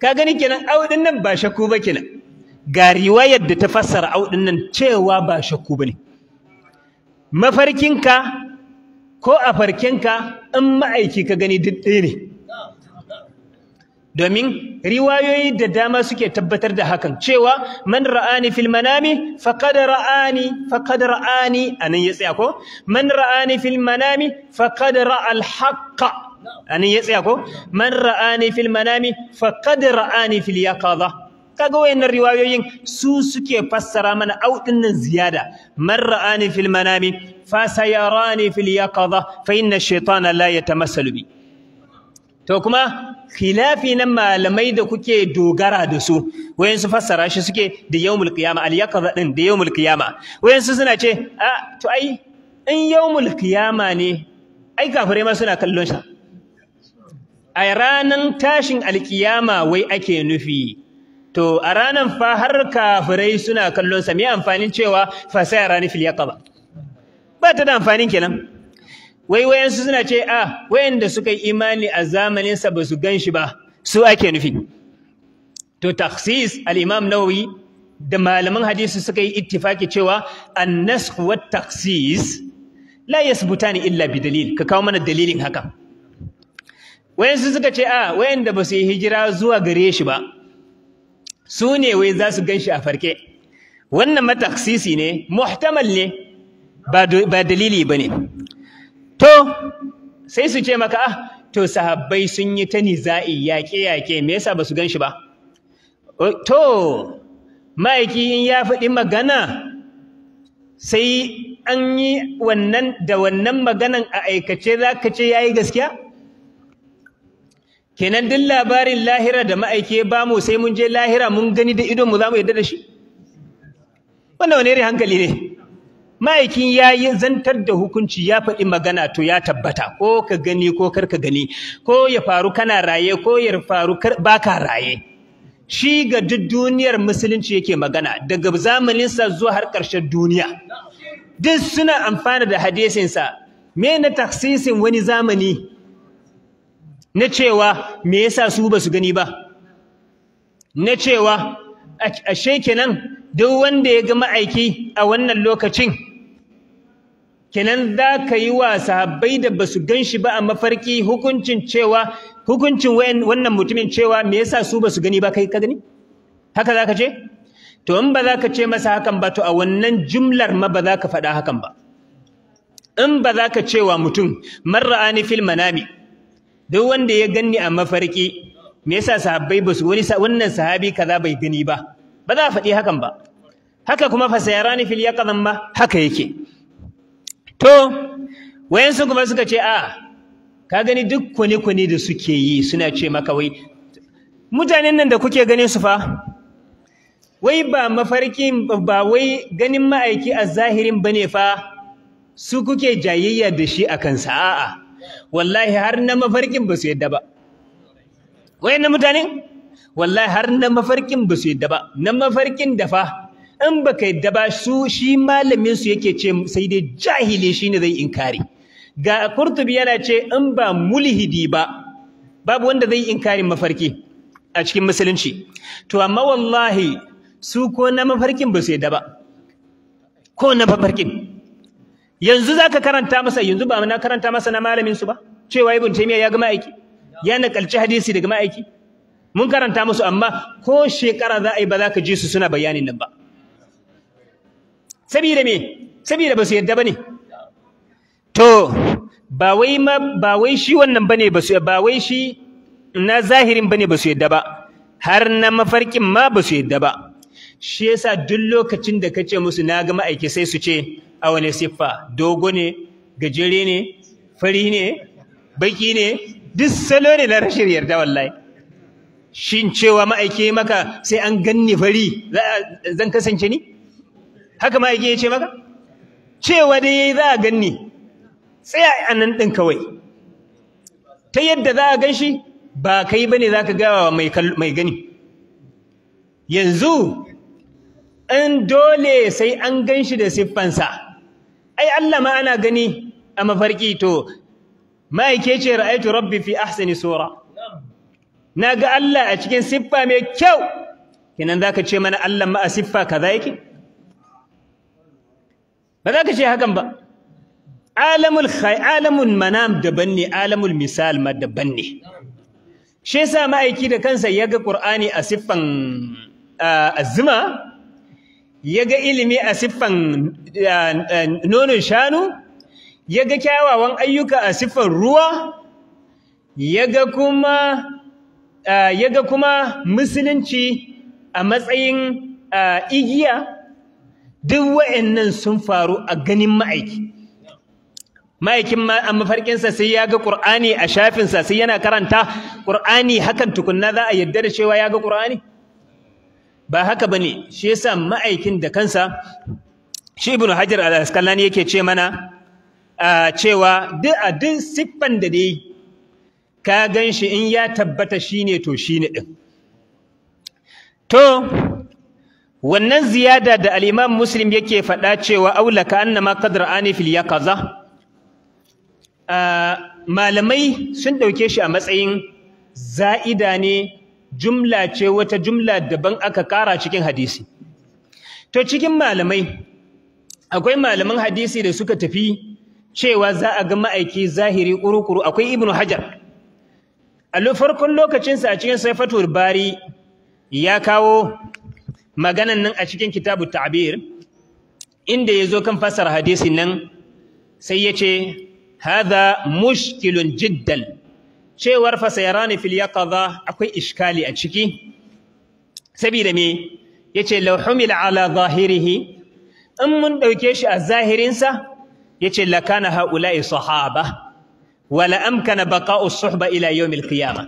ka gani kenan audin nan ba shakku ba kenan ga riwayar da ta fassara audin nan cewa ba shakku bane mafarkinka ko a farkenka in ma'aiki ka gani duk ɗaya ne domin riwayoyi da dama suke tabbatar da hakan cewa man ra'ani fil manami faqad ra'ani faqad ra'ani anan ya tsaya ko man ra'ani fil manami faqad ra'a ra'al haqqa anin ya tsaya ko man ra'ani fil manami faqad ra'ani fil yaqadha kaga wayannan riwayoyin su suke fassara mana audin nan ziyada man ra'ani fil manami fa sayarani fil yaqadha fa inna ash-shaytana la yatamassalu bi to kuma khilafi nan malamai da kuke dogara da su su fassara shi suke da yawmul qiyama al yaqadha din da yawmul qiyama su suna ce a ah, to ai in yawmul qiyama ne ai kafirai ma suna kallon shi a ranan tashin alkiyama wai ake nufi to a ranan fa har kafirai suna kallon sa me amfanin cewa fa ranar fil yaqaba ba ta da amfanin kenan wai wayansu suna ce a ah, wayanda suka yi imani a zamanin sa ba su ganshi ba su ake nufi to takhsis al-imam nawawi da malaman hadisi suka yi ittifaki cewa an-nasakh wa takhsis la yasbutani illa bidalil ka kawo mana dalilin haka wayansu suka ce a ah, wayanda ba su yi hijira zuwa gare shi ba su ne wai za su gan shi a farke wannan mataksisi ne muhtamal ne ba dalili ba ne to sai su ce maka ah to sahabbai sun yi ta niza'i yaƙe-yaƙe me yasa ba su gan shi ba to ma'aiki in ya faɗi magana sai an yi wannan da wannan maganan a aikace za ka ce ya yi gaskiya kenan duk labarin lahira da ma'aike ba mu sai mun je lahira mun gani da idonmu za mu yadda da shi wannan wani irin hankali ne ma'aikin ya yi zantar da hukunci ya faɗi magana to ya tabbata ko ka gani ko kar ka gani ko ya faru kana raye ko ya faru ba ka raye shi ga duk duniyar musulunci yake magana daga zamanin zamaninsa zuwa har ƙarshen duniya duk suna amfana da hadisinsa me na taksisin wani zamani na cewa me yasa su ba su gani ba na cewa ashe kenan duk wanda ya ga ma'aiki a wannan lokacin kenan za ka yi wa sahabbai da ba su gan shi ba a mafarki hukuncin cewa hukuncin wannan mutumin cewa me yasa su ba su gani ba kai ka gani haka za ka ce to in ba za ka ce masa hakan ba to a wannan jumlar ma ba za ka faɗa hakan ba in ba za ka cewa mutum man ra'ani fil manami duk wanda ya ganni a mafarki me yasa sahabbai ba su wani wannan sahabi kaza bai gani ba ba za a faɗi hakan ba haka kuma fasayarani fil yaqadan ba haka yake to wayan su kuma suka ce a ka gani duk kwane-kwane da suke yi suna ce maka wai mutanen nan da kuke ganin su fa wai ba mafarkin ba wai ganin ma'aiki a zahirin bane fa su kuke jayayya da shi a kansa a'a wallahi har na mafarkin ba su yadda ba wayannan mutane wallahi har na mafarkin ba su yadda ba na mafarkin dafa in baka yadda ba su shi malamin su yake ce sai dai jahili shine zai inkari ga kurtubi yana ce in ba mulhidi ba babu wanda zai inkari mafarki a cikin musulunci to amma wallahi su ko na mafarkin ba su yadda ba ko na mafarkin yanzu zaka karanta masa yanzu ba na karanta masa na malamin su ba cewa ibn taymiya ya ga ma'aiki ya nakalci hadisi daga ma'aiki mun karanta musu amma ko shekara za a yi ba za ka ji su suna bayanin nan ba saboda me saboda ba su yadda ba ne to ba wai ba wai shi wannan bane ba su ba wai shi na zahirin bane ba su yadda ba har na mafarkin ma ba su yadda ba shi yasa duk lokacin da kace musu na ga ma'aiki sai su ce a wane siffa dogo ne gajere ne fari ne baki ne duk salo ne na rashin yarda wallahi shin cewa ma'aike maka sai an ganni fari zan kasance ni haka ma'aike ya ce maka cewa dai yayi za a ganni tsaya a nan ɗin kawai ta yadda za a gan shi ba kai ba ne za ka gawa mai gani yanzu an dole sai an gan shi da siffansa ai Allah ma ana gani a mafarki to ma'aike ce ra'aitu rabbi fi ahsani sura na ga Allah a cikin siffa mai kyau kenan zaka ce mana Allah ma a siffa kaza yake ba za ka ce hakan ba alamul khai alamul manam daban ne alamul misal ma daban ne shi yasa ma'aiki da kansa ya ga qur'ani a siffan azuma ya ga ilimi a siffan eh, nonon shanu ya ga kyawawan ayyuka a siffan ruwa ya ga kuma eh, musulunci a matsayin eh, igiya duk wa'annan sun faru a ganin ma'aiki ma'aikin a mafarkinsa sai ya ga ƙur'ani a shafinsa sai yana karanta ƙur'ani hakan tukunna za a yarda da cewa ya ga ƙur'ani ba haka ba ne, shi yasa ma'aikin da kansa shi ibnu hajar al-asqalani yake ce mana cewa duk a siffan da dai ka gan shi in ya tabbata shine to shine to wannan ziyada da alimam muslim yake faɗa cewa aulaka annama qadra Anifil ya kaza. malamai sun ɗauke shi a matsayin za'ida ne jumla ce wata jumla daban aka kara cikin hadisi to cikin malamai akwai malaman hadisi da suka tafi cewa za a ga ma'aiki zahiri kurukuru akwai ibnu hajar a farkon lokacinsa a cikin saifatul bari ya kawo maganan nan a cikin kitabu ta'bir inda ya zo kan fasar hadisi nan sai ya ce hadha mushkilun jiddan cewar fasayarani fil akwai iskali a ciki saboda me yace ce humila ala zahirihi in mun ɗauke shi a zahirinsa sa yace lakana haula'i sahaba wala amkana baqa'u suhba ila yawmil qiyamah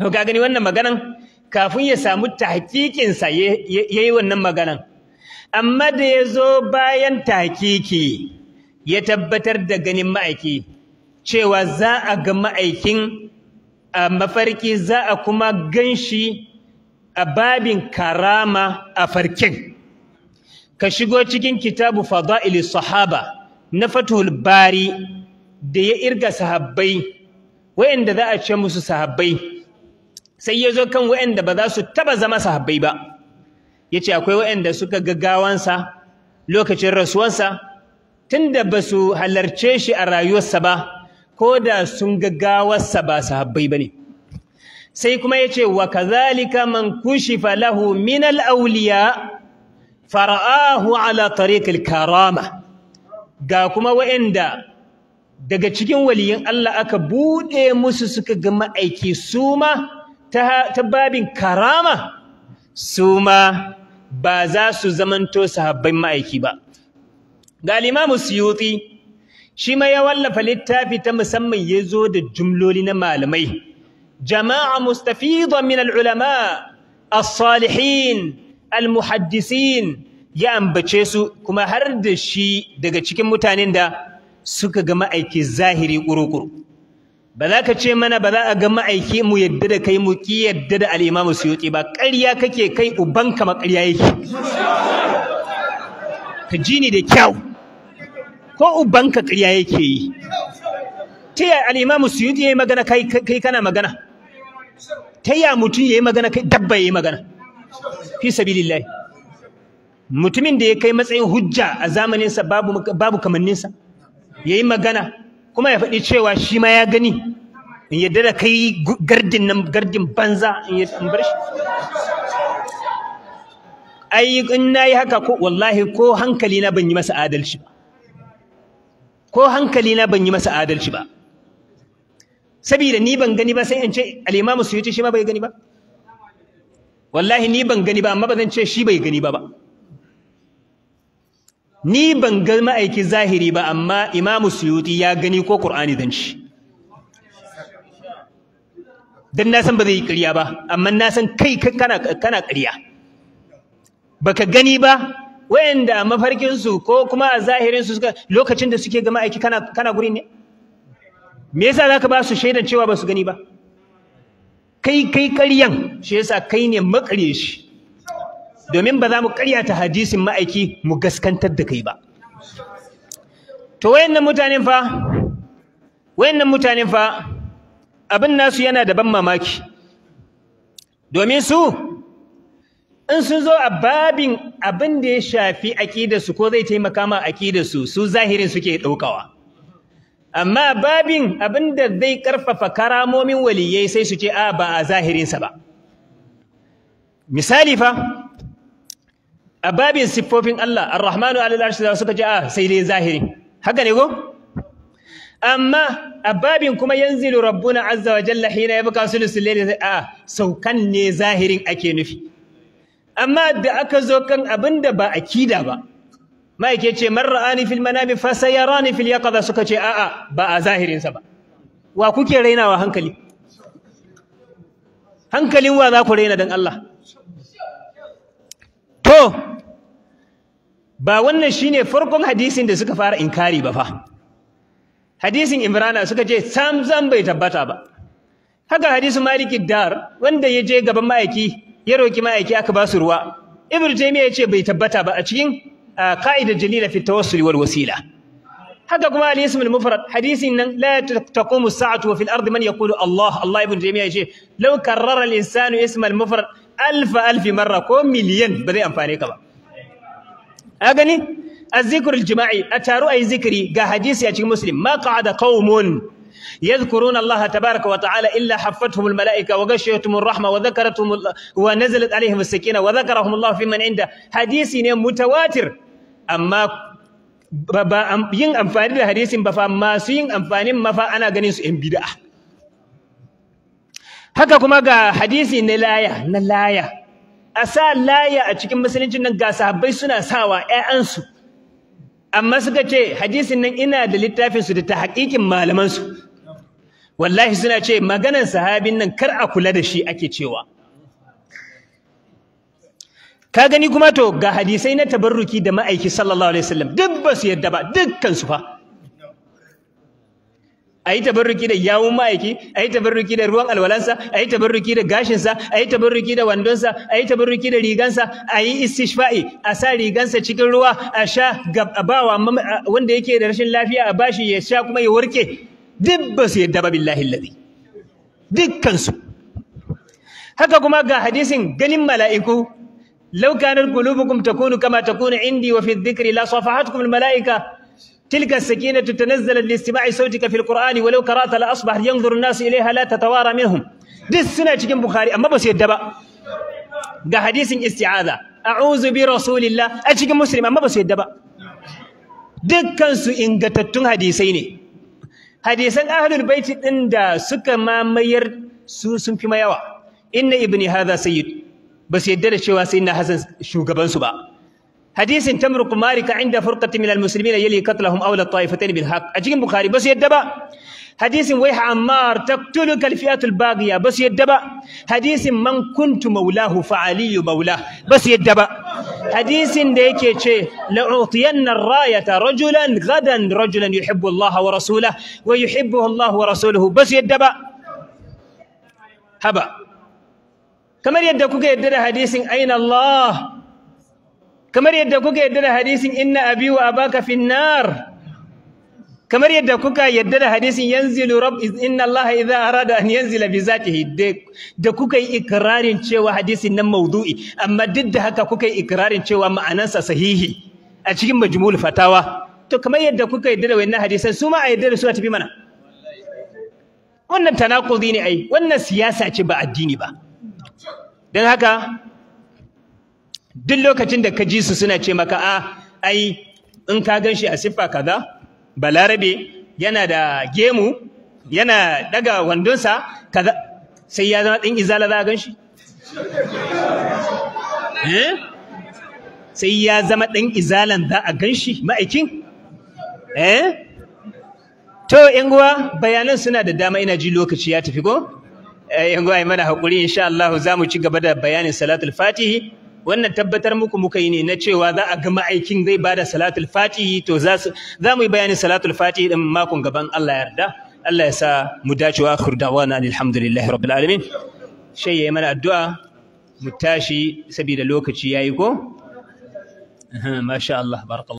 to gani wannan maganan kafin ya samu tahkikinsa, yayi wannan maganan amma da yazo bayan tahqiqi ya tabbatar da ganin ma'aiki cewa za a ga ma'aikin a mafarki za a kuma gan shi a babin karama a farkin ka shigo cikin kitabu fada'ili sahaba na fatul bari da ya irga sahabbai wayanda za a ce musu sahabbai sai ya zo kan wayanda ba za su taba zama sahabbai ba Ya ce akwai wayanda suka gaggawansa lokacin tun tunda ba su halarce shi a rayuwarsa ba ko da sun ga gawarsa ba sahabbai bane sai kuma yace wa kazalika man kushifa lahu min al fara'ahu ala tariq karama ga kuma waɗanda daga cikin waliyin Allah aka buɗe musu suka ga ma'aiki suma ta babin karama suma ba za su zamanto sahabban ma'aiki ba ga al-imam suyuti shi ma ya wallafa littafi ta musamman ya zo da jumloli na malamai jama'a mustafida min al'ulama as-salihin al-muhaddisin ya ambace su kuma har da shi daga cikin mutanen da suka ga ma'aiki zahiri kurukuru ba za ka ce mana ba za a ga ma'aiki mu yadda da kai mu ƙi yadda da al'imamu suyuti ba ƙarya kake kai ubanka ma ƙarya yake ka ji ni da kyau ko ubanka ƙarya yake yi ta yaya al'imamu yi ya yi magana kai kana magana ta yaya mutum ya yi magana kai dabba ya yi magana fi sabilillahi mutumin da ya kai matsayin hujja a zamaninsa babu kamanninsa ya yi magana kuma ya faɗi cewa shi ma ya gani in yadda da kai gardin nan gardin banza in yi bar shi ai in nayi haka ko wallahi ko hankali na ban yi masa adalci ba ko hankali na ban yi masa adalci ba saboda ni ban gani ba sai in ce al-imamu suyuti shi ma bai gani ba wallahi ni ban gani ba amma ba zan ce shi bai gani ba ba ni ban ga ma'aikin zahiri ba amma imamu suyuti ya gani ko qur'ani dan shi dan na san ba zai yi ƙarya ba amma na san kai kana kana ƙarya baka gani ba wayanda mafarkinsu ko kuma a zahirinsu suka lokacin da suke gama aiki kana kana guri ne me yasa zaka ba su shaidan cewa ba su gani ba kai kai ƙaryan shi yasa kai ne makare shi domin ba za mu ƙaryata hadisin ma'aiki mu gaskantar da kai ba to wayannan mutanen fa wayannan mutanen fa abin nasu yana da ban mamaki domin su in sun zo a babin abin da ya shafi aƙidarsu ko zai taimaka ma aƙidarsu su zahirin suke ɗaukawa amma babin abin da zai ƙarfafa karamomin waliyai sai su ce a ba a zahirinsa ba misali fa a babin siffofin Allah ar-rahmanu alal suka ce a sai dai zahiri, haka ne ko amma a babin kuma yanzilu rabbuna azza wa jalla hina yabqa sulusul layli a saukan ne zahirin ake nufi amma da aka zo kan abin da ba akida ba ma'aike ce man ra'ani fil manami fa sayarani fil yaqadha suka ce a'a ba a zahirin sa ba wa kuke rainawa hankali hankalin wa za ku raina dan Allah to ba wannan shine farkon hadisin da suka fara inkari ba fa hadisin imrana suka ce samzan bai tabbata ba haka hadisu maliki dar wanda ya je gaban ma'aiki ya roki ma'aiki aka ba su ruwa ibnu taymiya yace bai tabbata ba a cikin qa'idar jalila fi tawassul wal wasila haka kuma Ali ism mufrad hadisin nan la taqumu as-sa'atu wa fil ardi man yaqulu Allah Allah ibnu taymiya yace law karrara al insanu ism mufrad alf alf marra ko miliyan ba zai amfane ka ba a gani a الجماعي أتارو أي ذكري قا حديثي أتشك مسلم ما قعد قوم يذكرون الله تبارك وتعالى إلا حفتهم الملائكة وغشيتهم الرحمة وذكرتهم ونزلت عليهم السكينة وذكرهم الله في من عنده حديث متواتر أما yin amfani da hadisin ba fa masu yin amfanin mafa ana ganin su 'yan bid'a haka kuma ga hadisi na laya na laya a sa laya a cikin musuluncin nan ga sahabbai suna sawa 'ya'yansu amma suka ce hadisin nan ina da littafinsu da ta haƙiƙin malamansu wallahi suna ce maganan sahabin nan kar a kula da shi ake cewa ka gani kuma to ga hadisai na tabarruki da ma'aiki sallallahu alaihi wasallam duk ba su yadda ba dukkan su fa a tabarruki da yawun ma'aiki a tabarruki da ruwan alwalansa a yi tabarruki da gashinsa a yi tabarruki da wandonsa a yi tabarruki da rigansa a yi istishfa'i a sa rigansa cikin ruwa a sha gabawa wanda yake da rashin lafiya a bashi ya sha kuma ya warke duk ba su billahi ladi dukkansu haka kuma ga hadisin ganin mala'iku law kana qulubukum takunu kama takunu indi wa fi dhikri la safahatukum al malaika tilka sakinatu tunazzalu li istima'i sawtika fil qur'an wa law qara'ta la asbaha yanzuru an-nas ilayha la tatawara minhum dis sunna cikin bukhari amma ba su yadda ga hadisin isti'aza a cikin muslim amma ba su yadda ba dukkan su hadisai ne hadisan ahlul baiti din da suka mamayar su sun fi mayawa inna ibni hadha sayyid ba su yadda da cewa sayyidina hasan shugaban su ba hadisin tamruq marika inda furqatin min almuslimin yali qatlahum awla ta'ifatayn bil haqq a cikin bukhari ba su yadda ba حديث ويح عمار تقتلك الفئات الباقية بس يدبا حديث من كنت مولاه فعلي مولاه بس يدبا حديث ديك شيء لأعطين الراية رجلا غدا رجلا يحب الله ورسوله ويحبه الله ورسوله بس يدبا هبا كما يدكوك يدد حديث أين الله كما يدكوك يدد حديث إن أبي وأباك في النار kamar yadda kuka yadda da hadisin yanzilu rabb inna allaha idza arada an yanzila bi zatihi da kuka yi ikrarin cewa hadisin nan maudu'i amma duk da haka kuka yi ikrarin cewa ma'anansa sahihi a cikin majmu'ul fatawa to kamar yadda kuka yadda da wannan hadisan su ma a yadda da su a tafi mana wannan tanakudi ne ai wannan siyasa ce ba addini ba don haka duk lokacin da ka ji su suna ce maka a ah, ai in ka gan shi a siffa kaza balarabe yana da gemu yana daga wandonsa kaza sai ya zama ɗin izala za a gan shi eh? sai ya zama ɗan izalan za a gan shi ma'aikin eh to yanguwa bayanan suna da dama ina ji lokaci ya tafi ko eh, yanguwa yi mana haƙuri insha Allah za mu ci gaba da bayanin salatul fatihi wannan tabbatar muku muka yi ne na cewa za a gama aikin zai bada salatul fatihi to za mu yi bayanin salatul fatihi din makon gaban Allah ya yarda Allah ya sa mu dace wa akhir da'wana alhamdulillahi rabbil alamin shay yayi mana addu'a mu tashi saboda lokaci yayi ko masha Allah barakallahu